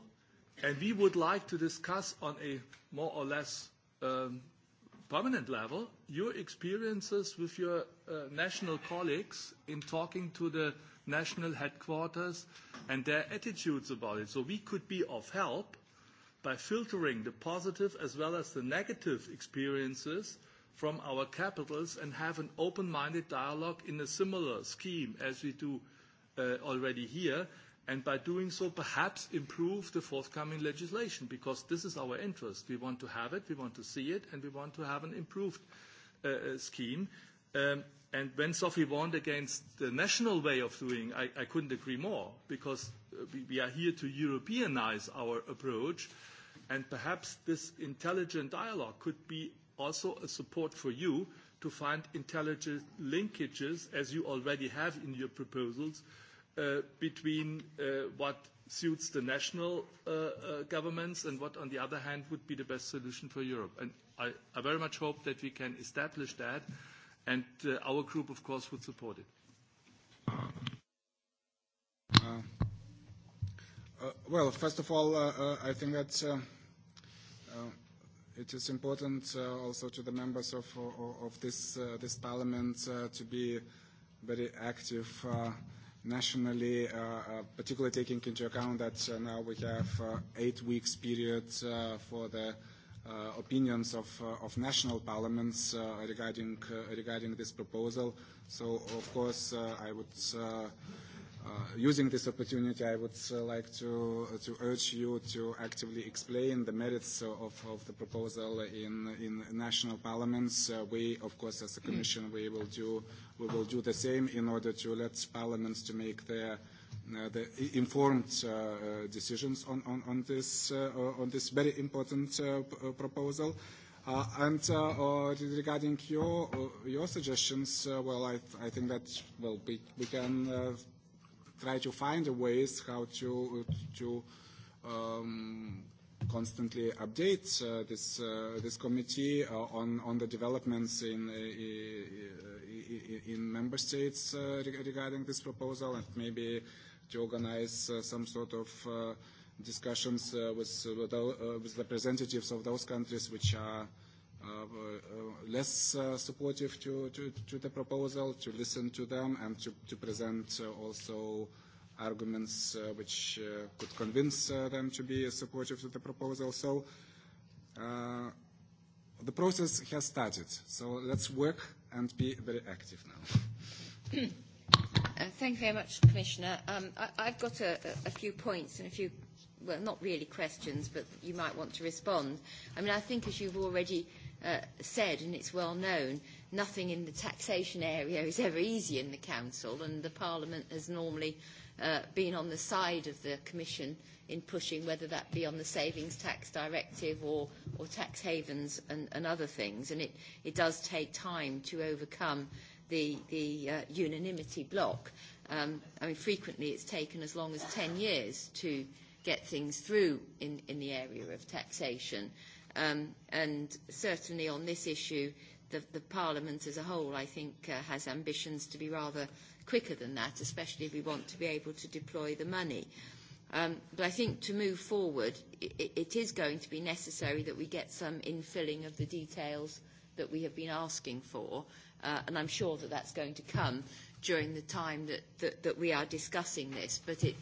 and we would like to discuss on a more or less um, permanent level, your experiences with your uh, national colleagues in talking to the national headquarters and their attitudes about it. So we could be of help by filtering the positive as well as the negative experiences from our capitals and have an open-minded dialogue in a similar scheme as we do uh, already here and by doing so, perhaps improve the forthcoming legislation, because this is our interest. We want to have it, we want to see it, and we want to have an improved uh, uh scheme. Um, and when Sophie warned against the national way of doing, I, I couldn't agree more, because uh, we, we are here to Europeanize our approach, and perhaps this intelligent dialogue could be also a support for you to find intelligent linkages, as you already have in your proposals, uh, Uh, between uh, what suits the national uh, uh, governments and what, on the other hand, would be the best solution for Europe. And I, I very much hope that we can establish that, and uh, our group, of course, would support it. Uh, uh, well, first of all, uh, uh, I think that uh, uh, it is important uh, also to the members of, of, of this, uh, this parliament uh, to be very active uh, nationally, uh, uh, particularly taking into account that uh, now we have uh, eight weeks period uh, for the uh, opinions of, uh, of national parliaments uh, regarding, uh, regarding this proposal. So, of course, uh, I would uh, Uh, using this opportunity, I would uh, like to, uh, to urge you to actively explain the merits of, of the proposal in, in national parliaments. Uh, we, of course, as a commission, we will, do, we will do the same in order to let parliaments to make their uh, the informed uh, uh, decisions on, on, on, this, uh, uh on this very important uh, p proposal. Uh, and uh, uh, regarding your, uh, your suggestions, uh, well, I, th I think that well, we, we can uh, try to find the ways how to to um, constantly update uh, this uh, this committee uh, on on the developments in uh, in member states uh, regarding this proposal and maybe to organize uh, some sort of uh, discussions uh, with uh, with, uh, with representatives of those countries which are Uh, uh, less uh, supportive to, to, to the proposal, to listen to them and to, to present uh, also arguments uh, which uh, could convince uh, them to be supportive to the proposal. So uh, the process has started. So let's work and be very active now. Uh, thank you very much, Commissioner. Um, I, I've got a, a few points and a few, well, not really questions, but you might want to respond. I mean, I think as you've already uh, Uh, said, and it's well known, nothing in the taxation area is ever easy in the Council, and the Parliament has normally uh, been on the side of the Commission in pushing, whether that be on the Savings Tax Directive or, or tax havens and, and other things. And it, it does take time to overcome the, the uh, unanimity block. Um, I mean, frequently it's taken as long as 10 years to get things through in, in the area of taxation um, and certainly on this issue, the, the Parliament as a whole, I think, uh, has ambitions to be rather quicker than that, especially if we want to be able to deploy the money. Um, but I think to move forward, it, it is going to be necessary that we get some infilling of the details that we have been asking for, uh, and I'm sure that that's going to come during the time that, that, that we are discussing this. But it,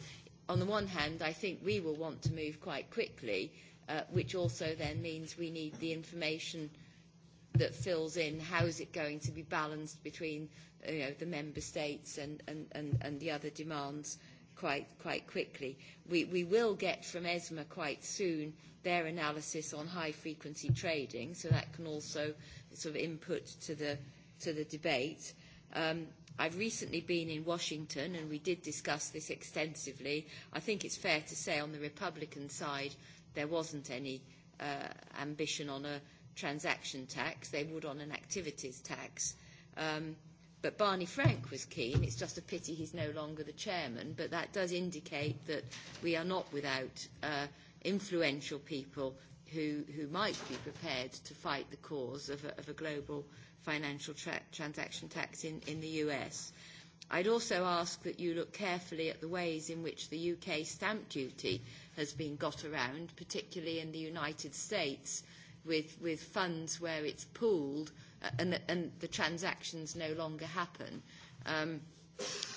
on the one hand, I think we will want to move quite quickly, Uh, which also then means we need the information that fills in how is it going to be balanced between you know, the member states and, and, and, and the other demands quite, quite quickly. We, we will get from ESMA quite soon their analysis on high frequency trading, so that can also sort of input to the, to the debate. Um, I've recently been in Washington and we did discuss this extensively. I think it's fair to say on the Republican side, there wasn't any uh, ambition on a transaction tax. They would on an activities tax. Um, but Barney Frank was keen. It's just a pity he's no longer the chairman. But that does indicate that we are not without uh, influential people who, who might be prepared to fight the cause of a, of a global financial tra- transaction tax in, in the US. Uh, I'd also ask that you look carefully at the ways in which the U.K. stamp duty has been got around, particularly in the United States, with funds where it's pooled uh, and the transactions no longer happen. Um,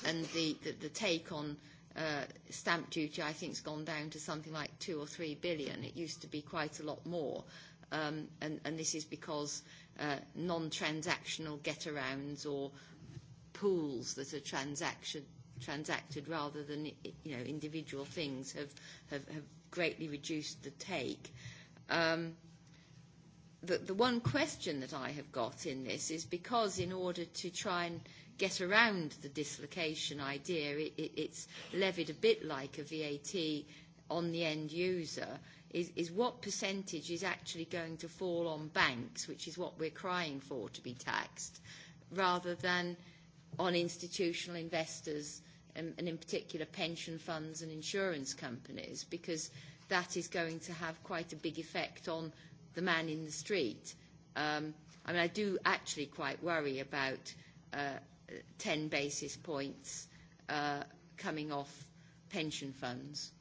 and the take on uh, stamp duty, I think, has gone down to something like 2 billion or 3 billion. It used to be quite a lot more. Um, and this is because uh, non-transactional get-arounds pools that are transaction transacted rather than you know individual things have have, have greatly reduced the take. Um, the, the one question that I have got in this is because in order to try and get around the dislocation idea, it, it, it's levied a bit like a VAT on the end user, is, is what percentage is actually going to fall on banks, which is what we're crying for to be taxed, rather than on institutional investors and, um, and in particular pension funds and insurance companies because that is going to have quite a big effect on the man in the street. Um, I mean, I do actually quite worry about uh, 10 basis points uh, coming off pension funds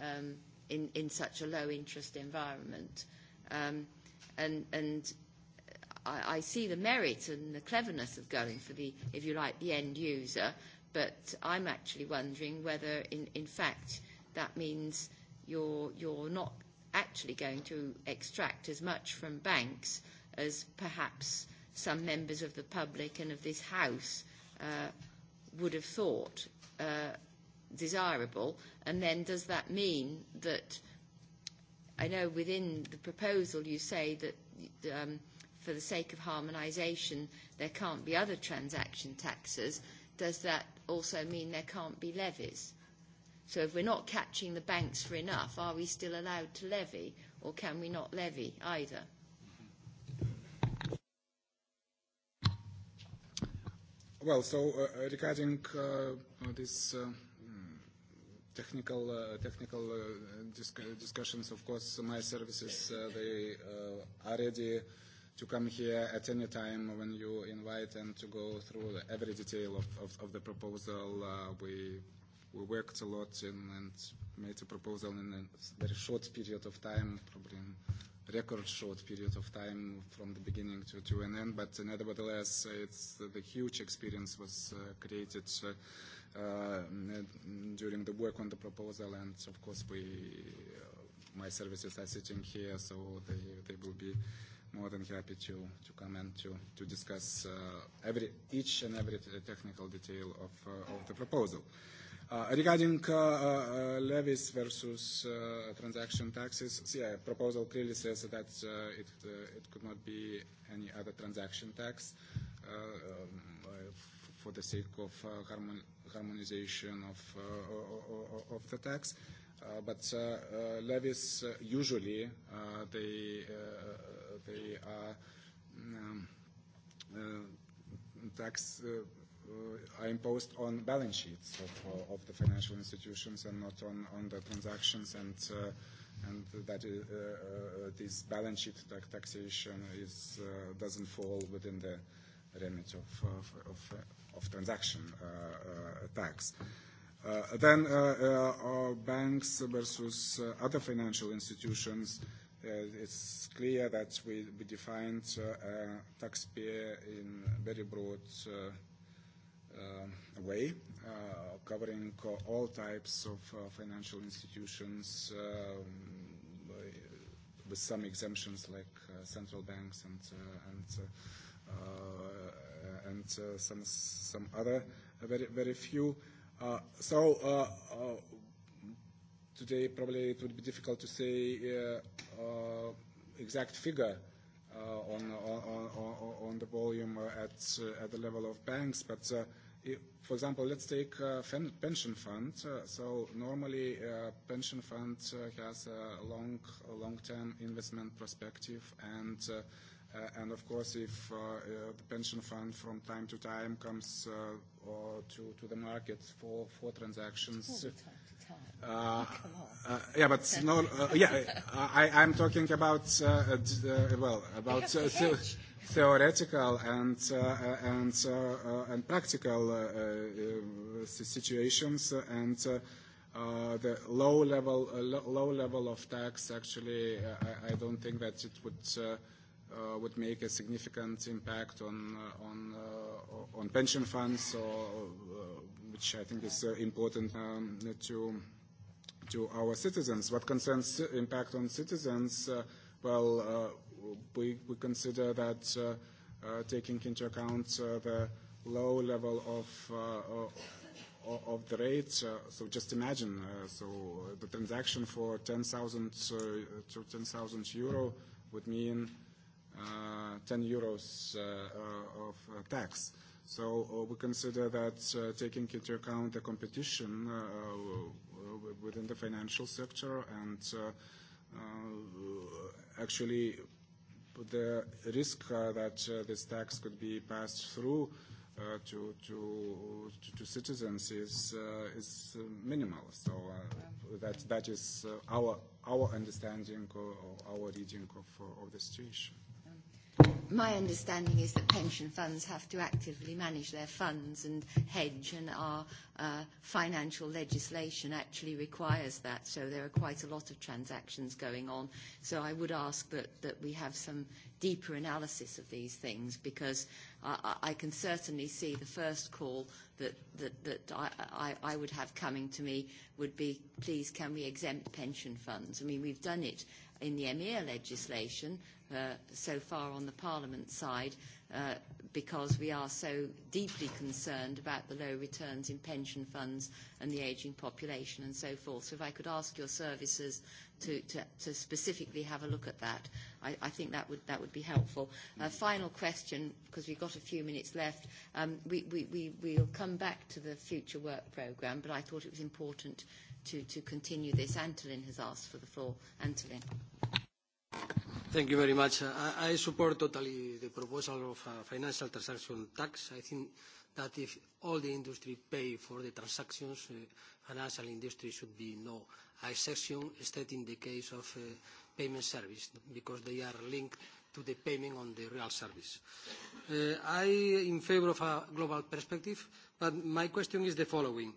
um, in, in such a low interest environment. Um, and, and I, I see the merit and the cleverness of going for the, if you like, the end user, but I'm actually wondering whether, in, in fact, that means you're, you're not actually going to extract as much from banks as perhaps some members of the public and of this House uh, would have thought uh, desirable. And then does that mean that, I know within the proposal you say that um, for the sake of harmonisation, there can't be other transaction taxes, does that also mean there can't be levies? So if we're not catching the banks for enough, are we still allowed to levy, or can we not levy either? Well, so uh, uh regarding uh, uh, this uh, mm, technical uh, technical uh, discussions, of course, my services uh, they uh, are ready to come here at any time when you invite and to go through every detail of, of, of the proposal. Uh, we, we worked a lot in, and made a proposal in a very short period of time, probably in record short period of time from the beginning to, to an end. But nevertheless, it's the huge experience was uh, created uh, uh, during the work on the proposal. And of course, we, uh, my services are sitting here, so they, they will be uh, more than happy to to come and to to discuss uh, every each and every technical detail of uh, of the proposal. Uh, regarding uh, uh, uh levies versus uh, transaction taxes, so yeah, uh, proposal clearly says that uh, it uh, it could not be any other transaction tax uh, um, for the sake of uh, harmon harmonization of uh, of the tax. Uh, uh, but uh, uh, levies uh, usually uh, they uh, they are um, uh, tax uh, uh are imposed on balance sheets of, uh, of the financial institutions and not on, on the transactions and uh, and that uh, uh, this balance sheet tax taxation is uh, doesn't fall within the remit of of, of, of transaction uh, uh, tax. Uh, Uh, then uh, uh, banks versus uh, other financial institutions, uh, it's clear that we, we defined uh, a taxpayer in a very broad uh, uh, way, uh, covering all types of uh, financial institutions um, with some exemptions like uh, central banks and, uh, and uh, uh, and uh, some some other uh, very very few uh, Uh, so uh, uh, today probably it would be difficult to say uh, uh, exact figure uh, on, on, on, on the volume uh, at, uh, at the level of banks, but uh, if, for example, let's take uh, fen- pension fund. Uh, so normally uh, pension fund uh, has a long, a long-term investment perspective and uh, uh, and of course, if uh, uh, the pension fund from time to time comes uh, or uh, to, to the market for, for transactions. All the time to time. Uh, Come on. Uh, yeah, but no, uh, yeah, I, I'm talking about, uh, uh, well, about uh, the th- theoretical and, uh, uh, and, uh, uh, and practical uh, uh, situations and uh, uh, the low level, uh, lo- low level of tax, actually, uh, I, I don't think that it would uh, uh, would make a significant impact on uh, on uh, on pension funds, or, uh, which I think is uh, important um, to to our citizens. What concerns impact on citizens? Uh, well, uh, we we consider that uh, uh, taking into account uh, the low level of uh, of the rate. Uh, so just imagine, uh, so the transaction for 10,000 uh, to 10,000 euro would mean uh, uh, 10 euros uh, uh, of uh, tax. So uh, we consider that uh, taking into account the competition uh, uh, within the financial sector and uh, uh, actually the risk uh, that uh, this tax could be passed through uh, to, to, to, to citizens is, uh, is minimal. So uh, that, that is uh, our, our understanding or, or our reading of, of the situation my understanding is that pension funds have to actively manage their funds and hedge, and our uh, financial legislation actually requires that. So there are quite a lot of transactions going on. So I would ask that, that we have some deeper analysis of these things because I, I can certainly see the first call that, that, that I, I, I would have coming to me would be, please, can we exempt pension funds? I mean, we've done it in the EMEA legislation. Uh, so far on the Parliament side uh, because we are so deeply concerned about the low returns in pension funds and the ageing population and so forth. So if I could ask your services to, to, to specifically have a look at that, I, I think that would, that would be helpful. Uh, final question, because we've got a few minutes left. Um, we, we, we, we'll come back to the future work programme, but I thought it was important to, to continue this. Antolin has asked for the floor. Antolin. Thank you very much. I support totally the proposal of a uh, financial transaction tax. I think that if all the industry pay for the transactions, uh, financial industry should be no exception, except in the case of uh, payment service, because they are linked to the payment on the real service. I in favor of a global perspective, but my question is the following: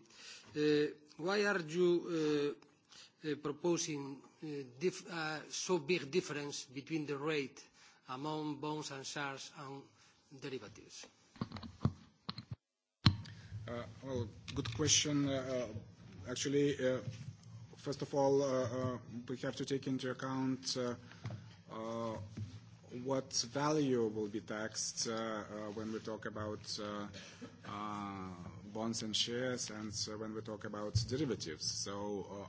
Why are you Uh, proposing uh, uh, so big difference between the rate among bonds and shares and derivatives? Well, good question. Actually, first of all, we have to take into account what value will be taxed when we talk about bonds and shares and when we talk about derivatives. So,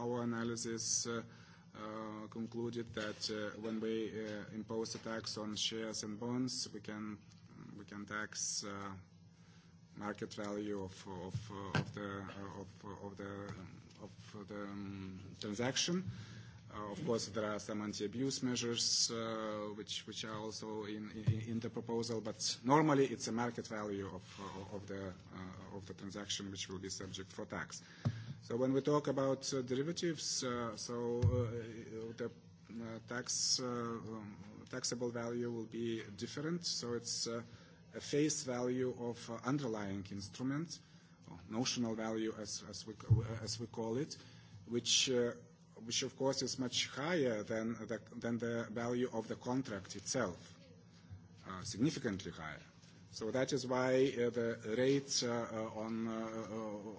our analysis uh, uh, concluded that uh, when we uh, impose a tax on shares and bonds, we can we can tax uh, market value of of uh, the uh, of the of, of the, um, of the um, transaction. Uh, of course, there are some anti-abuse measures uh, which which are also in, in in the proposal. But normally, it's a market value of of, of the uh, of the transaction which will be subject for tax. Uh, So when we talk about uh, derivatives, uh, so uh, the uh, tax uh, um, taxable value will be different. So it's uh, a face value of uh, underlying instrument, or notional value as, as, we, uh, as we call it, which, uh, which of course is much higher than the, than the value of the contract itself, uh, significantly higher. That is why uh, the rates uh, uh,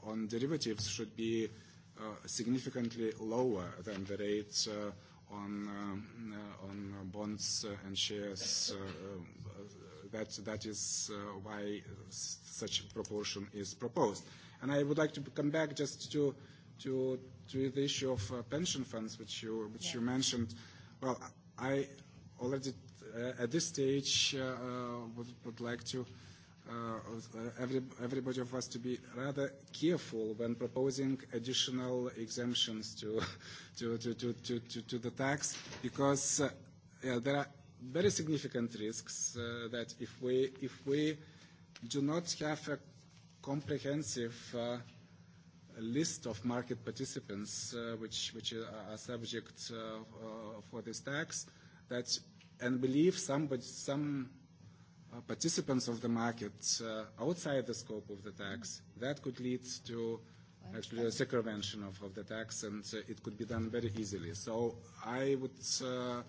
on derivatives should be significantly lower than the rates um, on bonds and shares. That is why such proportion is proposed. I would like to come back just to the issue of pension funds, which you mentioned. Well, I already uh, at this stage uh, uh, would, would like to uh, every, everybody of us to be rather careful when proposing additional exemptions to, [laughs] to, to, to, to, to, to the tax because uh, yeah, there are very significant risks uh, that if we, if we do not have a comprehensive uh, list of market participants uh, which, which are subject uh, uh, for this tax, that and believe some, but some uh, participants of the market uh, outside the scope of the tax, that could lead to actually a circumvention of, of the tax and uh, it could be done very easily. So I would uh,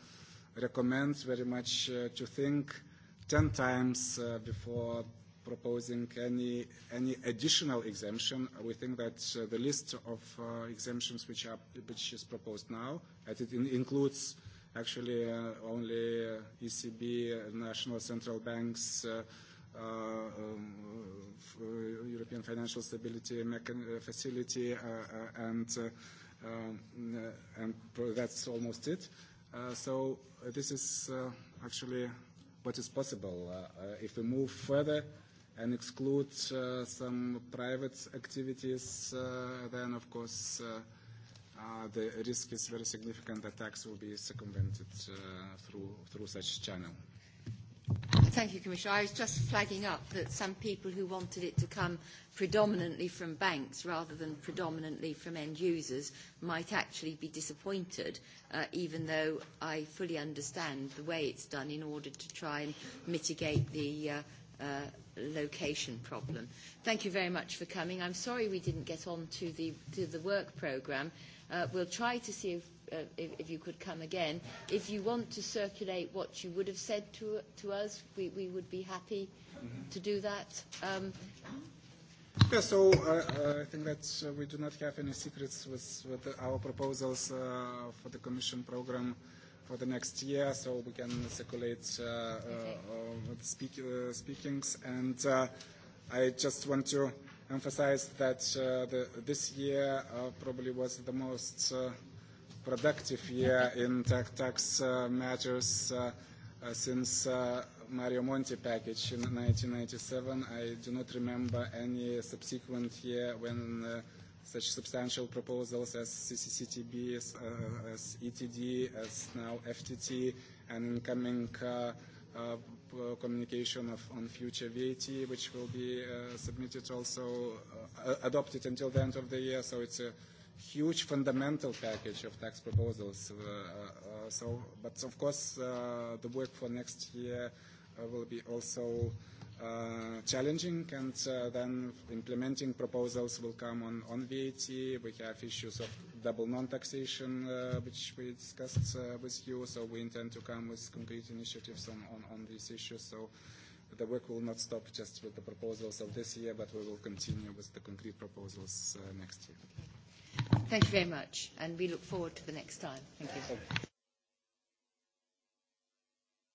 recommend very much uh, to think 10 times uh, before proposing any, any additional exemption. We think that uh, the list of uh, exemptions which, are, which is proposed now, that it in includes uh, actually uh, only uh, ECB, uh, national central banks, uh, uh, um, uh, European Financial Stability Mechan Facility, uh, uh, and, uh, um, uh, and that's almost it. Uh, so uh, this is uh, actually what is possible uh, uh, if we move further and exclude uh, some private activities uh, then of course uh Uh, the risk is very significant that tax will be circumvented uh, through, through such channel. Thank you, Commissioner. I was just flagging up that some people who wanted it to come predominantly from banks rather than predominantly from end users might actually be disappointed, uh, even though I fully understand the way it's done in order to try and mitigate the uh, uh, location problem. Thank you very much for coming. I'm sorry we didn't get on to the, to the work programme. Uh, we'll try to see if, uh, if, if you could come again. If you want to circulate what you would have said to, to us, we, we would be happy mm-hmm. to do that. Um, yeah, so uh, uh, I think that uh, we do not have any secrets with, with our proposals uh, for the Commission program for the next year, so we can circulate uh, uh okay. uh, uh, speak, uh, speakings. And uh, I just want to uh, emphasize that uh, the, this year uh, probably was the most uh, productive year in tax, tax uh, matters uh, uh, since uh, Mario Monti package in 1997. I do not remember any subsequent year when uh, such substantial proposals as CCCTB, as, uh, as ETD, as now FTT, and incoming uh, uh, Uh, communication of, on future VAT, which will be uh, submitted also, uh, adopted until the end of the year. So it's a huge fundamental package of tax proposals. Uh, uh, so, but of course, uh, the work for next year uh, will be also uh, uh, challenging and uh, then implementing proposals will come on, on VAT. We have issues of double non-taxation uh, which we discussed uh, with you, so we intend to come with concrete initiatives on, on, on these issues. So the work will not stop just with the proposals of this year, but we will continue with the concrete proposals uh, next year. Thank you very much, and we look forward to the next time. Thank you. Thank you.